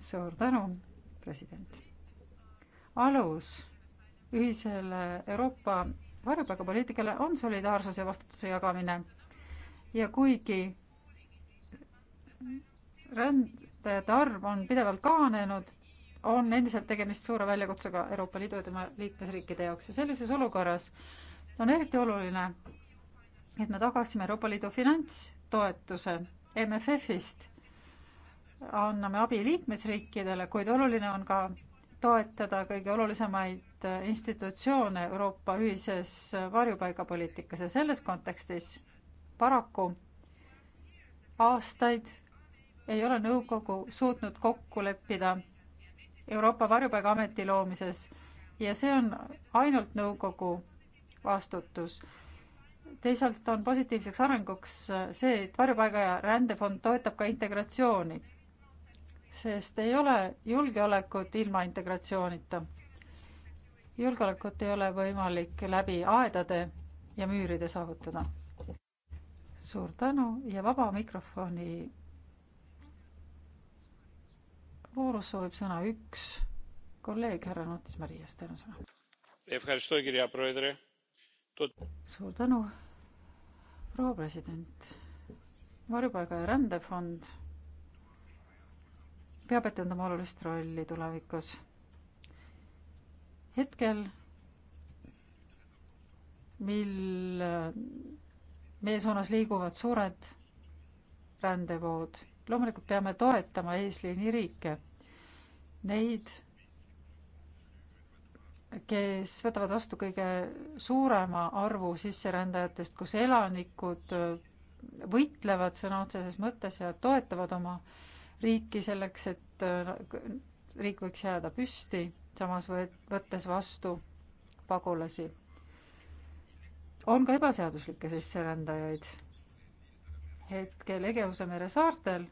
suur tänu, president. alus ühisele Euroopa varjupaigapoliitikale on solidaarsuse ja vastutuse jagamine. ja kuigi rändajate arv on pidevalt kahanenud, on endiselt tegemist suure väljakutsega Euroopa Liidu ja tema liikmesriikide jaoks ja sellises olukorras on eriti oluline, et me tagaksime Euroopa Liidu finantstoetuse MFF-ist anname abi liikmesriikidele, kuid oluline on ka toetada kõige olulisemaid äh, institutsioone Euroopa ühises äh, varjupaigapoliitikas ja selles kontekstis paraku aastaid ei ole nõukogu suutnud kokku leppida Euroopa Varjupaigaameti loomises ja see on ainult nõukogu vastutus. teisalt on positiivseks arenguks äh, see, et varjupaiga ja rändefond toetab ka integratsiooni sest ei ole julgeolekut ilma integratsioonita. julgeolekut ei ole võimalik läbi aedade ja müüride saavutada. suur tänu ja vaba mikrofoni voorus soovib sõna üks kolleeg härra Nutis Marias, teil on sõna. suur tänu, proua president. varjupaiga ja rändefond peab etendama olulist rolli tulevikus. hetkel, mil äh, meie suunas liiguvad suured rändevood, loomulikult peame toetama eesliini riike, neid, kes võtavad vastu kõige suurema arvu sisserändajatest, kus elanikud äh, võitlevad sõna otseses mõttes ja toetavad oma äh, riiki selleks, et äh, riik võiks jääda püsti, samas võet-, võttes vastu pagulasi. on ka ebaseaduslikke sisserändajaid. hetkel Egeuse mere saartel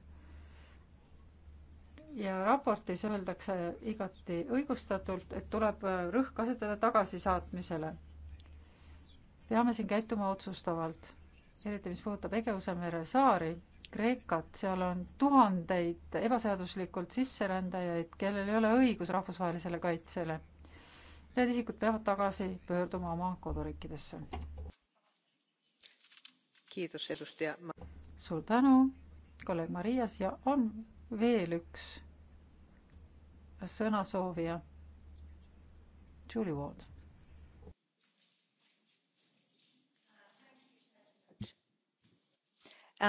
ja raportis öeldakse igati õigustatult, et tuleb äh, rõhk asetada tagasisaatmisele. peame siin käituma otsustavalt, eriti mis puudutab Egeuse mere saari Kreekat, seal on tuhandeid ebaseaduslikult sisserändajaid, kellel ei ole õigus rahvusvahelisele kaitsele. Need isikud peavad tagasi pöörduma oma koduriikidesse. suur tänu, kolleeg Marias ja on veel üks sõnasoovija. Julie Ward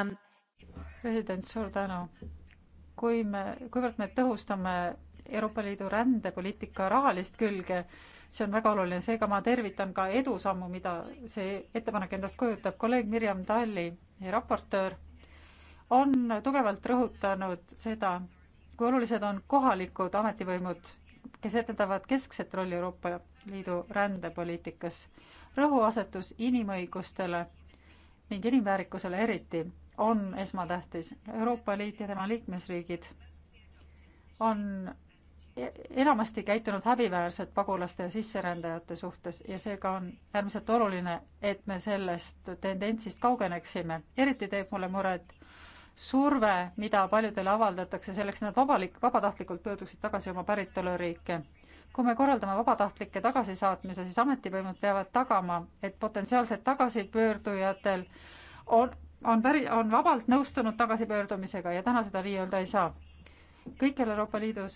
um, president, suur tänu. kui me, kuivõrd me tõhustame Euroopa Liidu rändepoliitika rahalist külge, see on väga oluline, seega ma tervitan ka edusammu, mida see ettepanek endast kujutab. kolleeg Mirjam Talli, raportöör, on tugevalt rõhutanud seda, kui olulised on kohalikud ametivõimud, kes etendavad keskset rolli Euroopa Liidu rändepoliitikas. rõhuasetus inimõigustele ning inimväärikusele eriti on esmatähtis. Euroopa Liit ja tema liikmesriigid on enamasti käitunud häbiväärselt pagulaste ja sisserändajate suhtes ja seega on äärmiselt oluline, et me sellest tendentsist kaugeneksime. eriti teeb mulle muret surve, mida paljudele avaldatakse selleks, et nad vabalik, vabatahtlikult pöörduksid tagasi oma päritoluriike. kui me korraldame vabatahtlike tagasisaatmise, siis ametivõimud peavad tagama, et potentsiaalsed tagasipöördujatel on, on päri-, on vabalt nõustunud tagasipöördumisega ja täna seda nii-öelda ei saa. kõikjal Euroopa Liidus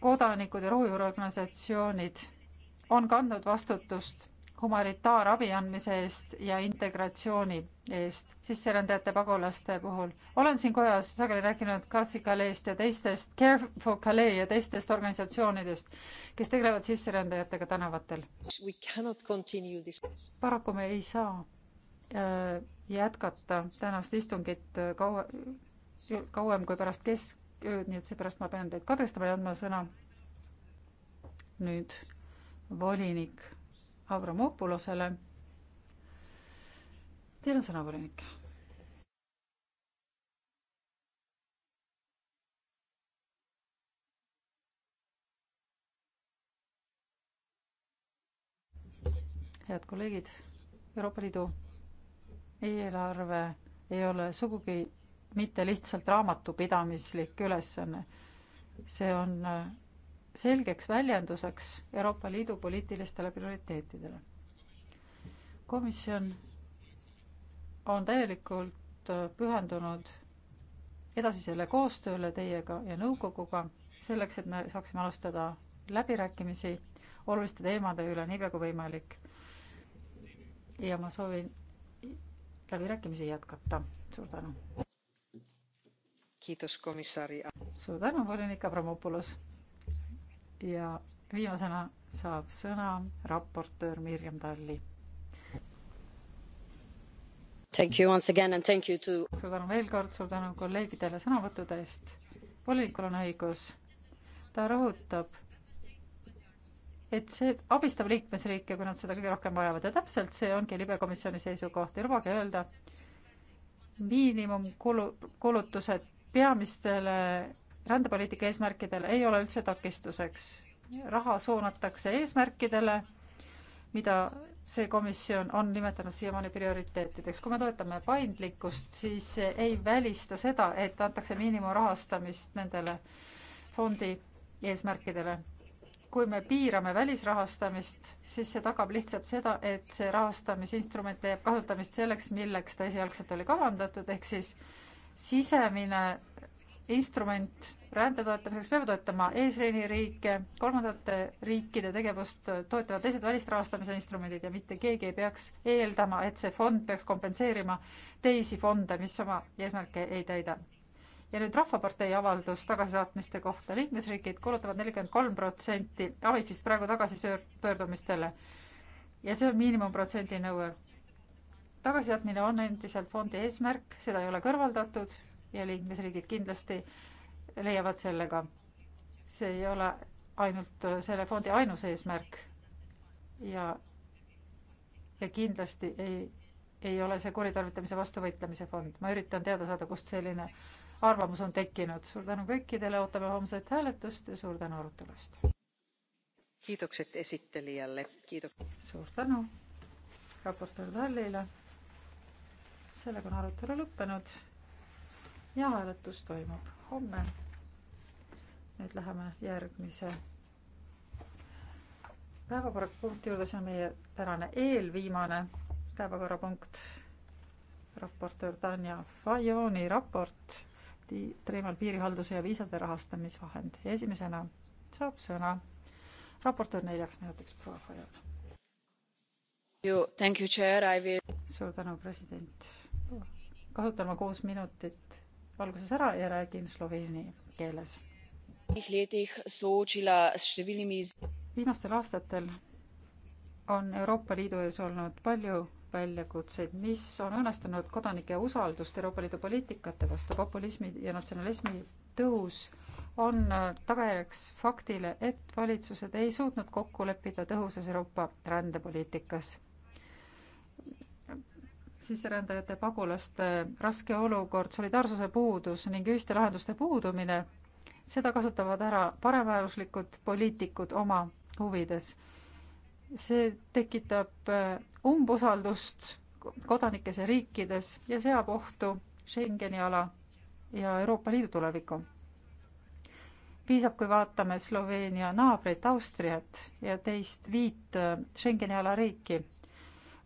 kodanikud ja rohujuureorganisatsioonid on kandnud vastutust humanitaarabi andmise eest ja integratsiooni eest sisserändajate pagulaste puhul. olen siin kojas sageli rääkinud Kathy Calais'st ja teistest, Care for Calais ja teistest organisatsioonidest, kes tegelevad sisserändajatega tänavatel. paraku me ei saa äh, jätkata tänast istungit kaua, kauem kui pärast keskööd, nii et seepärast ma pean teid katkestama ja andma sõna nüüd volinik Avramopulosele. Teil on sõna, volinik head kolleegid, Euroopa Liidu eelarve ei ole sugugi mitte lihtsalt raamatupidamislik ülesanne. see on äh, selgeks väljenduseks Euroopa Liidu poliitilistele prioriteetidele. komisjon on täielikult äh, pühendunud edasisele koostööle teiega ja nõukoguga, selleks et me saaksime alustada läbirääkimisi oluliste teemade üle niipea kui võimalik. ja ma soovin läbirääkimisi jätkata. suur tänu. suur tänu, volinik Abramopoulos. ja viimasena saab sõna raportöör Mirjam Talli. Thank you once again and thank you to suur tänu veel kord, suur tänu kolleegidele sõnavõttude eest. volinikul on õigus. ta rõhutab et see abistab liikmesriike, kui nad seda kõige rohkem vajavad ja täpselt see ongi libekomisjoni seisukoht ja lubage öelda, miinimumkulu, kulutused peamistele rändepoliitika eesmärkidele ei ole üldse takistuseks. raha suunatakse eesmärkidele, mida see komisjon on nimetanud siiamaani prioriteetideks. kui me toetame paindlikkust, siis ei välista seda, et antakse miinimumrahastamist nendele fondi eesmärkidele kui me piirame välisrahastamist, siis see tagab lihtsalt seda, et see rahastamisinstrument leiab kasutamist selleks, milleks ta esialgselt oli kavandatud, ehk siis sisemine instrument rände toetamiseks peab toetama eesliini riike, kolmandate riikide tegevust toetavad teised välisrahastamise instrumendid ja mitte keegi ei peaks eeldama, et see fond peaks kompenseerima teisi fonde, mis oma eesmärke ei täida ja nüüd Rahvapartei avaldus tagasisaatmiste kohta. liikmesriigid kulutavad nelikümmend kolm protsenti abifist praegu tagasipöördumistele ja see on miinimumprotsendi nõue. tagasisaatmine on endiselt fondi eesmärk, seda ei ole kõrvaldatud ja liikmesriigid kindlasti leiavad sellega. see ei ole ainult selle fondi ainus eesmärk ja, ja kindlasti ei, ei ole see kuritarvitamise vastu võitlemise fond. ma üritan teada saada, kust selline arvamus on tekkinud. suur tänu kõikidele, ootame homset hääletust ja suur tänu arutelu eest. kiitokset esitlejale, kiidok-. suur tänu raportöör Tallile. sellega on arutelu lõppenud ja hääletus toimub homme. nüüd läheme järgmise päevakorrapunkti juurde, see on meie tänane eelviimane päevakorrapunkt raportöör Tanja Fajoni raport eraldi teemal piirihalduse ja viisade rahastamisvahend. ja esimesena saab sõna raportöör neljaks minutiks, proua Fajon. suur tänu, president. kasutan ma kuus minutit alguses ära ja räägin sloveeni keeles. viimastel aastatel on Euroopa Liidu ees olnud palju väljakutseid, mis on õnnestunud kodanike usaldust Euroopa Liidu poliitikate vastu. populismi ja natsionalismi tõus on tagajärjeks faktile, et valitsused ei suutnud kokku leppida tõhusas Euroopa rändepoliitikas. sisserändajate, pagulaste raske olukord, solidaarsuse puudus ning ühiste lahenduste puudumine, seda kasutavad ära paremääruslikud poliitikud oma huvides see tekitab umbusaldust kodanikes ja riikides ja seab ohtu Schengeni ala ja Euroopa Liidu tuleviku. piisab, kui vaatame Sloveenia naabrit Austriat ja teist viit äh, Schengeni ala riiki.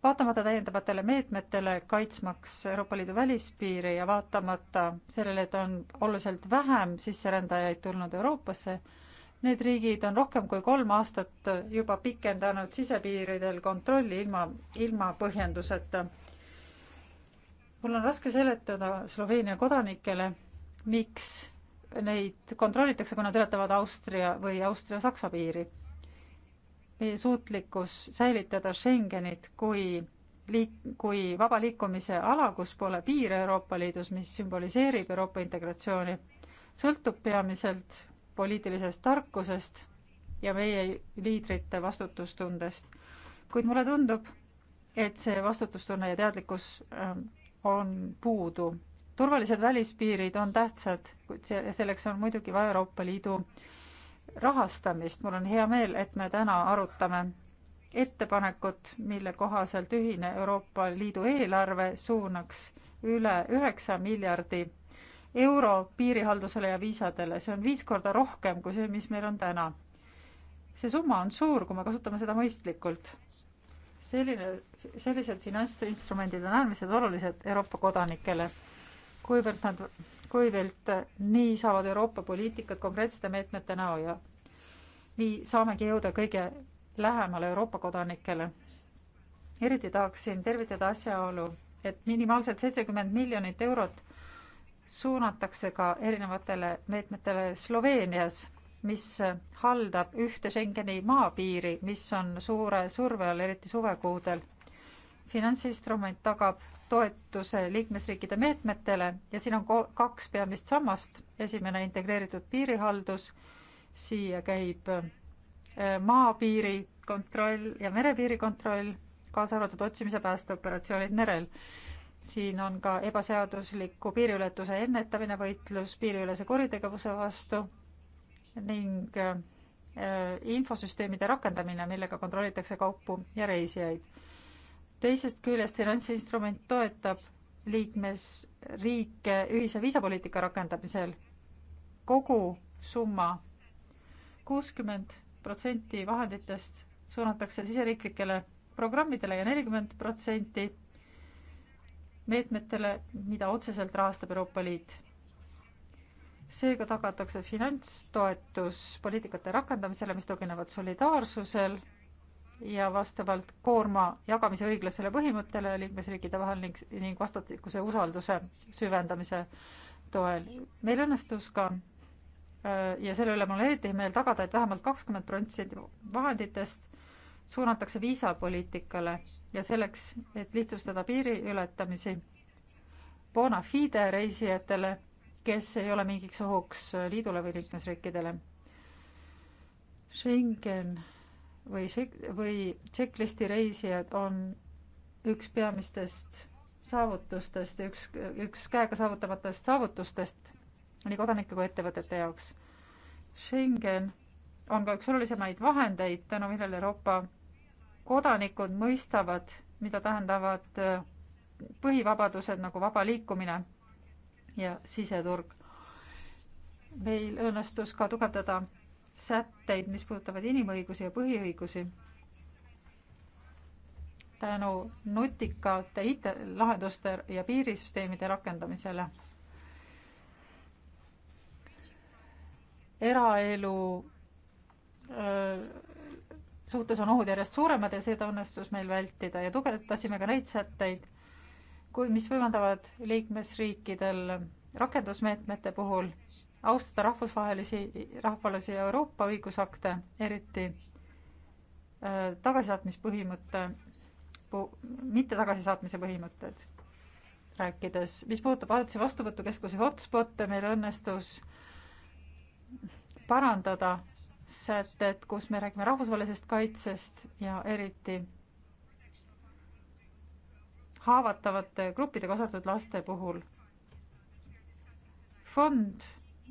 vaatamata täiendavatele meetmetele, kaitsmaks Euroopa Liidu välispiiri ja vaatamata sellele, et on oluliselt vähem sisserändajaid tulnud Euroopasse, Need riigid on rohkem kui kolm aastat juba pikendanud sisepiiridel kontrolli ilma, ilma põhjenduseta. mul on raske seletada Sloveenia kodanikele, miks neid kontrollitakse, kui nad ületavad Austria või Austria-Saksa piiri. meie suutlikkus säilitada Schengenit kui liik-, kui vaba liikumise ala, kus pole piire Euroopa Liidus, mis sümboliseerib Euroopa integratsiooni, sõltub peamiselt poliitilisest tarkusest ja meie liidrite vastutustundest. kuid mulle tundub, et see vastutustunne ja teadlikkus ähm, on puudu. turvalised välispiirid on tähtsad, kuid selleks on muidugi vaja Euroopa Liidu rahastamist. mul on hea meel, et me täna arutame ettepanekut, mille kohaselt ühine Euroopa Liidu eelarve suunaks üle üheksa miljardi euro piirihaldusele ja viisadele, see on viis korda rohkem kui see, mis meil on täna. see summa on suur, kui me kasutame seda mõistlikult. selline, sellised finantsinstrumendid on äärmiselt olulised Euroopa kodanikele, kuivõrd nad, kuivõrd nii saavad Euroopa poliitikad konkreetsete meetmete näo ja nii saamegi jõuda kõige lähemale Euroopa kodanikele. eriti tahaksin tervitada asjaolu, et minimaalselt seitsekümmend miljonit eurot suunatakse ka erinevatele meetmetele Sloveenias, mis haldab ühte Schengeni maapiiri, mis on suure surve all, eriti suvekuudel. finantsinstrument tagab toetuse liikmesriikide meetmetele ja siin on kaks peamist sammast. esimene integreeritud piirihaldus, siia käib äh, maapiiri kontroll ja merepiiri kontroll, kaasa arvatud otsimise päästeoperatsioonid merel siin on ka ebaseadusliku piiriületuse ennetamine, võitlus piiriülese kuritegevuse vastu ning äh, infosüsteemide rakendamine, millega kontrollitakse kaupu ja reisijaid. teisest küljest finantsinstrument toetab liikmesriike ühise viisapoliitika rakendamisel kogu summa kuuskümmend protsenti vahenditest suunatakse siseriiklikele programmidele ja nelikümmend protsenti meetmetele, mida otseselt rahastab Euroopa Liit. seega tagatakse finantstoetus poliitikate rakendamisele, mis tuginevad solidaarsusel ja vastavalt koorma jagamise õiglasele põhimõttele liikmesriikide vahel ning, ning vastastikuse usalduse süvendamise toel. meil õnnestus ka äh, ja selle üle mul eriti meel tagada, et vähemalt kakskümmend protsenti vahenditest suunatakse viisapoliitikale ja selleks, et lihtsustada piiri ületamisi bona fide reisijatele, kes ei ole mingiks ohuks liidule või liikmesriikidele. Schengen või, või tšekklisti reisijad on üks peamistest saavutustest ja üks, üks käega saavutamatest saavutustest nii kodanike kui ettevõtete jaoks. Schengen on ka üks olulisemaid vahendeid, tänu millele Euroopa kodanikud mõistavad, mida tähendavad äh, põhivabadused nagu vaba liikumine ja siseturg. meil õnnestus ka tugevdada sätteid, mis puudutavad inimõigusi ja põhiõigusi. tänu nutikate IT-lahenduste ja piirisüsteemide rakendamisele. eraelu öö, äh, suhtes on ohud järjest suuremad ja seda õnnestus meil vältida ja tugevdasime ka neid sätteid, kui, mis võimaldavad liikmesriikidel rakendusmeetmete puhul austada rahvusvahelisi, rahvusvahelisi Euroopa õigusakte, eriti äh, tagasisaatmispõhimõtte, mitte tagasisaatmise põhimõttest rääkides. mis puudutab ajutise vastuvõtukeskuse hotspot'e, meil õnnestus parandada sätted, kus me räägime rahvusvahelisest kaitsest ja eriti haavatavate gruppide, kaasa arvatud laste puhul. fond,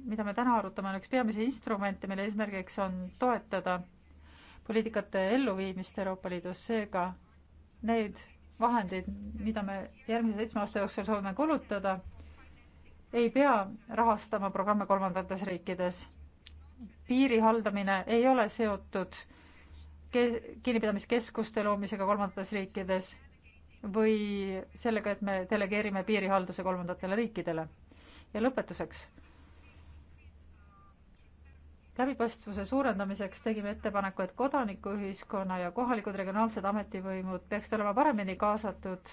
mida me täna arutame, on üks peamisi instrumente, mille eesmärgiks on toetada poliitikate elluviimist Euroopa Liidus, seega need vahendid, mida me järgmise seitsme aasta jooksul soovime kulutada, ei pea rahastama programme kolmandates riikides piiri haldamine ei ole seotud kinnipidamiskeskuste loomisega kolmandates riikides või sellega, et me delegeerime piirihalduse kolmandatele riikidele. ja lõpetuseks. läbipaistvuse suurendamiseks tegime ettepaneku, et kodanikuühiskonna ja kohalikud regionaalsed ametivõimud peaksid olema paremini kaasatud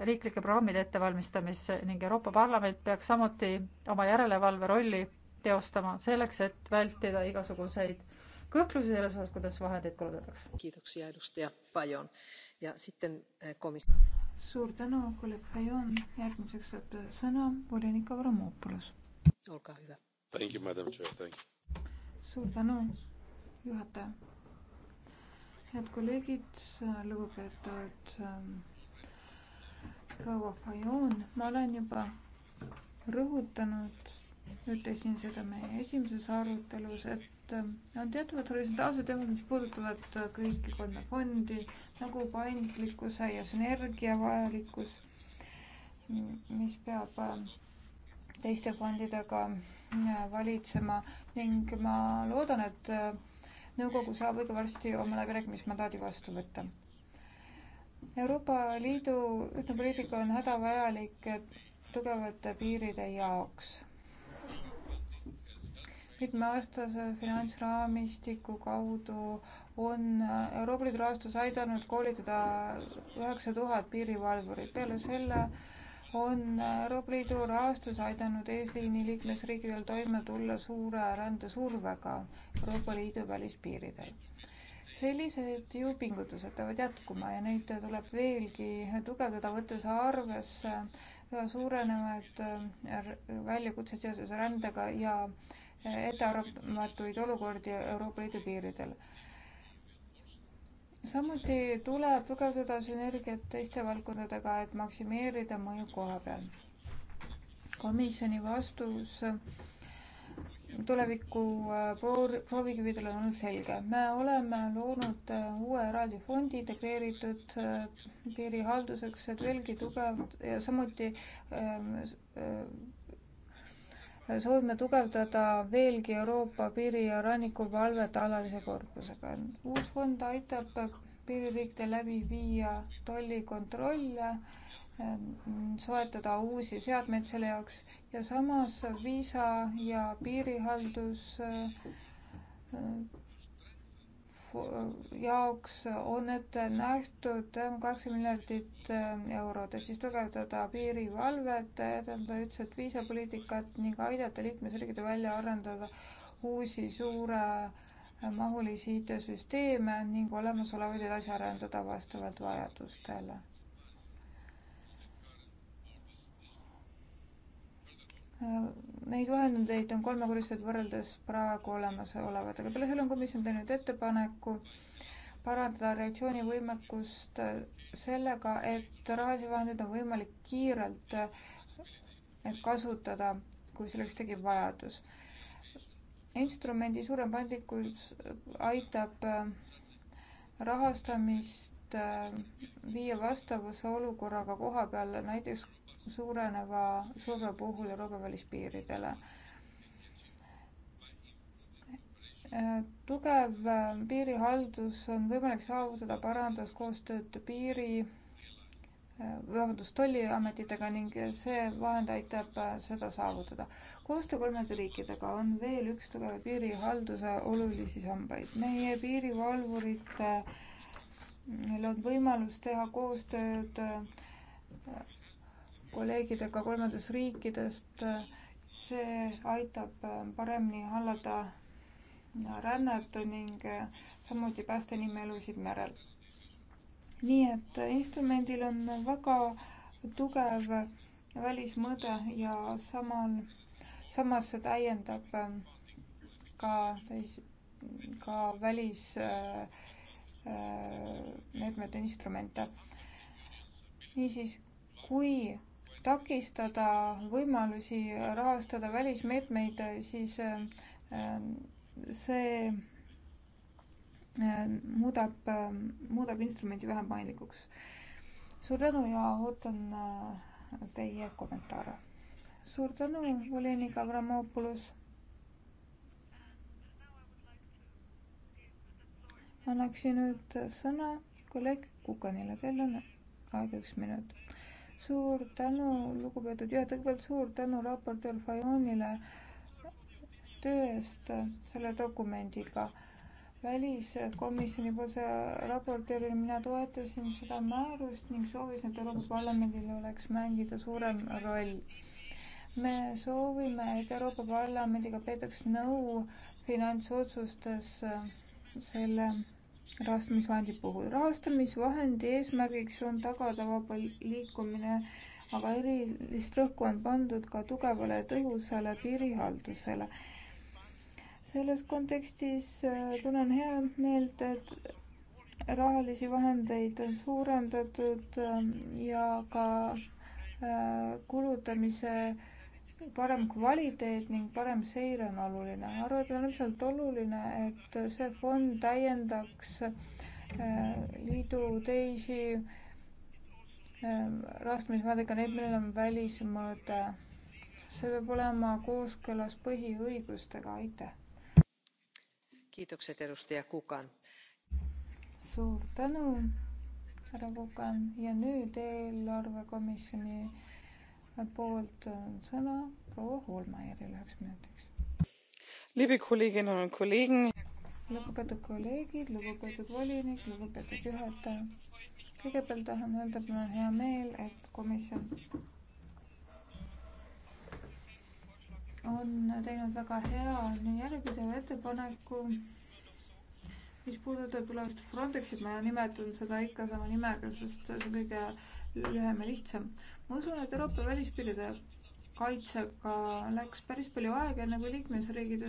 riiklike programmide ettevalmistamisse ning Euroopa Parlament peaks samuti oma järelevalve rolli teostama selleks, et vältida igasuguseid kõhklusi selles osas, kuidas vahendeid kulutatakse. kiitoksia, edustaja Fajon ja sitten eh, komis-. suur tänu, kolleeg Fajon, järgmiseks saab sõna volinik Avramopoulos. olge hüva. Thank you, madam chair, thank you. suur tänu, juhataja. head kolleegid, lugupeetud ähm, proua Fajon, ma olen juba rõhutanud ütlesin seda meie esimeses arutelus, et äh, on teatavad horisontaalsed teemad, mis puudutavad äh, kõiki kolme fondi nagu paindlikkuse ja sünergia vajalikkus, mis peab äh, teiste fondidega valitsema ning ma loodan, et nõukogu saab õige varsti oma läbirääkimismandaadi vastu võtta. Euroopa Liidu ühtne poliitika on hädavajalik tugevate piiride jaoks mitmeaastase finantsraamistiku kaudu on Euroopa Liidu rahastus aidanud koolitada üheksa tuhat piirivalvurit. peale selle on Euroopa Liidu rahastus aidanud eesliini liikmesriikidel toime tulla suure rändesurvega Euroopa Liidu välispiiridel. sellised jõupingutused peavad jätkuma ja neid tuleb veelgi tugevdada, võttes arvesse üha suurenevad väljakutsed seoses rändega ja äh, ettearvamatuid olukordi Euroopa Liidu piiridel. samuti tuleb tugevdada sünergiat teiste valdkondadega, et maksimeerida mõju koha peal. komisjoni vastus tuleviku äh, proovikividel on olnud selge. me oleme loonud äh, uue eraldi fondi integreeritud äh, piirihalduseks, et veelgi tugev ja samuti ähm, ähm, soovime tugevdada veelgi Euroopa piiri- ja rannikuvalvet alalise korpusega. uus fond aitab piiririikidel läbi viia tollikontrolle, soetada uusi seadmeid selle jaoks ja samas viisa ja piirihaldus jaoks on ette nähtud kaheksa miljardit ähm, eurot, et siis tugevdada piirivalvet, edendada ühtset viisapoliitikat ning aidata liikmesriigid välja arendada uusi suuremahulisi äh, IT-süsteeme ning olemasolevaid edasi arendada vastavalt vajadustele. Äh, neid vahendeid on kolmekordistatud võrreldes praegu olemasolevatega. peale selle on komisjon teinud ettepaneku parandada reaktsioonivõimekust äh, sellega, et rahalisi vahendeid on võimalik kiirelt äh, kasutada, kui selleks tekib vajadus. instrumendi suurem paindlikkus aitab rahastamist viia vastavusse olukorraga koha peal, näiteks suureneva surve puhul Euroopa välispiiridele. tugev piirihaldus on võimalik saavutada, parandades koostööd piiri, vabandust, tolliametitega ning see vahend aitab seda saavutada. koostöö kolmandate riikidega on veel üks tugeva piirihalduse olulisi sambaid. meie piirivalvurite äh, meil on võimalus teha koostööd kolleegidega kolmandatest riikidest. see aitab paremini hallata rännet ning samuti päästa inimelusid merel. nii et instrumendil on väga tugev välismõõde ja samal, samas see täiendab ka, ka välismeetmete äh, instrumente. niisiis, kui takistada võimalusi rahastada välismeetmeid, siis äh, see äh, muudab, äh, muudab instrumendi vähem paindlikuks. suur tänu ja ootan teie kommentaare. suur tänu, volinik Avramopoulos. annaksin nüüd sõna kolleeg Kukanile, teil on aega üks minut suur tänu, lugupeetud juhataja, kõigepealt suur tänu raportöör Fajonile töö eest selle dokumendiga. väliskomisjoni poolse raportöörina mina toetasin seda määrust ning soovisin, et Euroopa Parlamendil oleks mängida suurem roll. me soovime, et Euroopa Parlamendiga peetaks nõu finantsotsustes selle rahastamisvahendi puhul. rahastamisvahendi eesmärgiks on tagada vaba liikumine, aga erilist rõhku on pandud ka tugevale ja tõhusale piirihaldusele. selles kontekstis äh, tunnen head meelt, et rahalisi vahendeid on suurendatud ähm, ja ka äh, kulutamise äh, parem kvaliteet ning parem seire on oluline. arvan, et on äärmiselt oluline, et see fond täiendaks äh, liidu teisi äh, rahastamisvahenditega, neid, millel on välismõõde. see peab olema kooskõlas põhiõigustega, aitäh. kiitokset, edustaja Kukan. suur tänu, härra Kukan ja nüüd eelarvekomisjoni poolt on äh, sõna proua Holmeierile üheks minutiks. lugupeetud kolleegid, lugupeetud volinik, lugupeetud juhataja. kõigepealt tahan öelda, et mul on hea meel, et komisjon on teinud väga hea järjepideva ettepaneku, mis puudutab üleüldse Frontexit, ma nimetan seda ikka sama nimega, sest see on kõige lühem ja lihtsam. ma usun, et Euroopa välispiiride kaitsega läks päris palju aega, enne kui liikmesriigid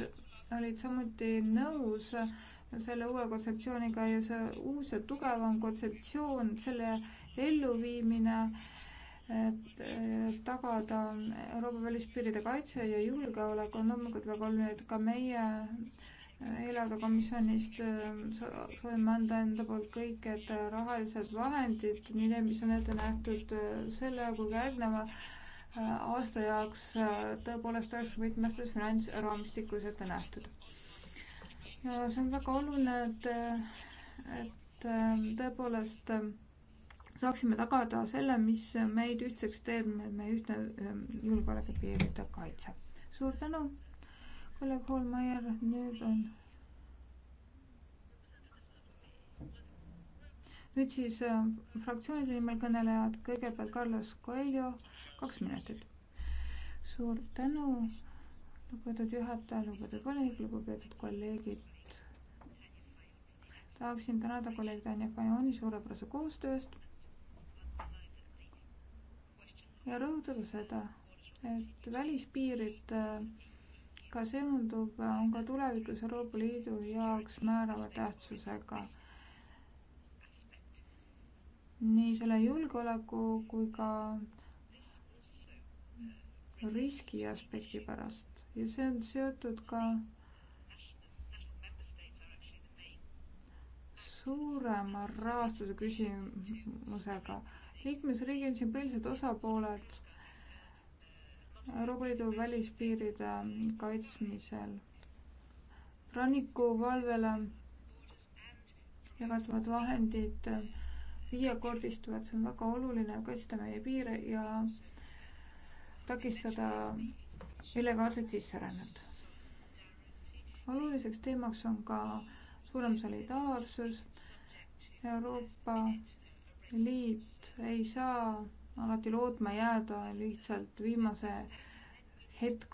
olid samuti nõus selle uue kontseptsiooniga ja see uus ja tugevam kontseptsioon, selle elluviimine, et tagada Euroopa välispiiride kaitse ja julgeolek on loomulikult väga oluline, et ka meie eelarvekomisjonist äh, soovime anda enda poolt kõik, et äh, rahalised vahendid, nii need, mis on ette nähtud äh, selle kui ka järgneva aasta jaoks, tõepoolest oleks mitmestes finantsraamistikus ette nähtud. ja see on väga oluline, et, et tõepoolest saaksime tagada selle, mis meid ühtseks teeb, meie ühtne julgeolekupiiride kaitse. suur tänu kolleeg Holmeier, nüüd on. nüüd siis äh, fraktsioonide nimel kõnelejad, kõigepealt Carlos Coelho, kaks minutit. suur tänu, lugupeetud juhataja, lugupeetud volinik, lugupeetud kolleegid. tahaksin tänada kolleeg Tanja Fajoni suurepärase koostööst ja rõhutada seda, et välispiiride äh, sellega seonduv äh, on ka tulevikus Euroopa Liidu jaoks määrava tähtsusega. nii selle julgeoleku kui ka riski aspekti pärast ja see on seotud ka suurema rahastuse küsimusega. liikmesriigid on siin põhilised osapooled Euroopa Liidu välispiiride kaitsmisel. rannikuvalvele jagatavad vahendid viiekordistuvad, see on väga oluline, kaitsta meie piire ja takistada illegaalset sisserännet. oluliseks teemaks on ka suurem solidaarsus. Euroopa Liit ei saa alati lootma jääda lihtsalt viimase hetk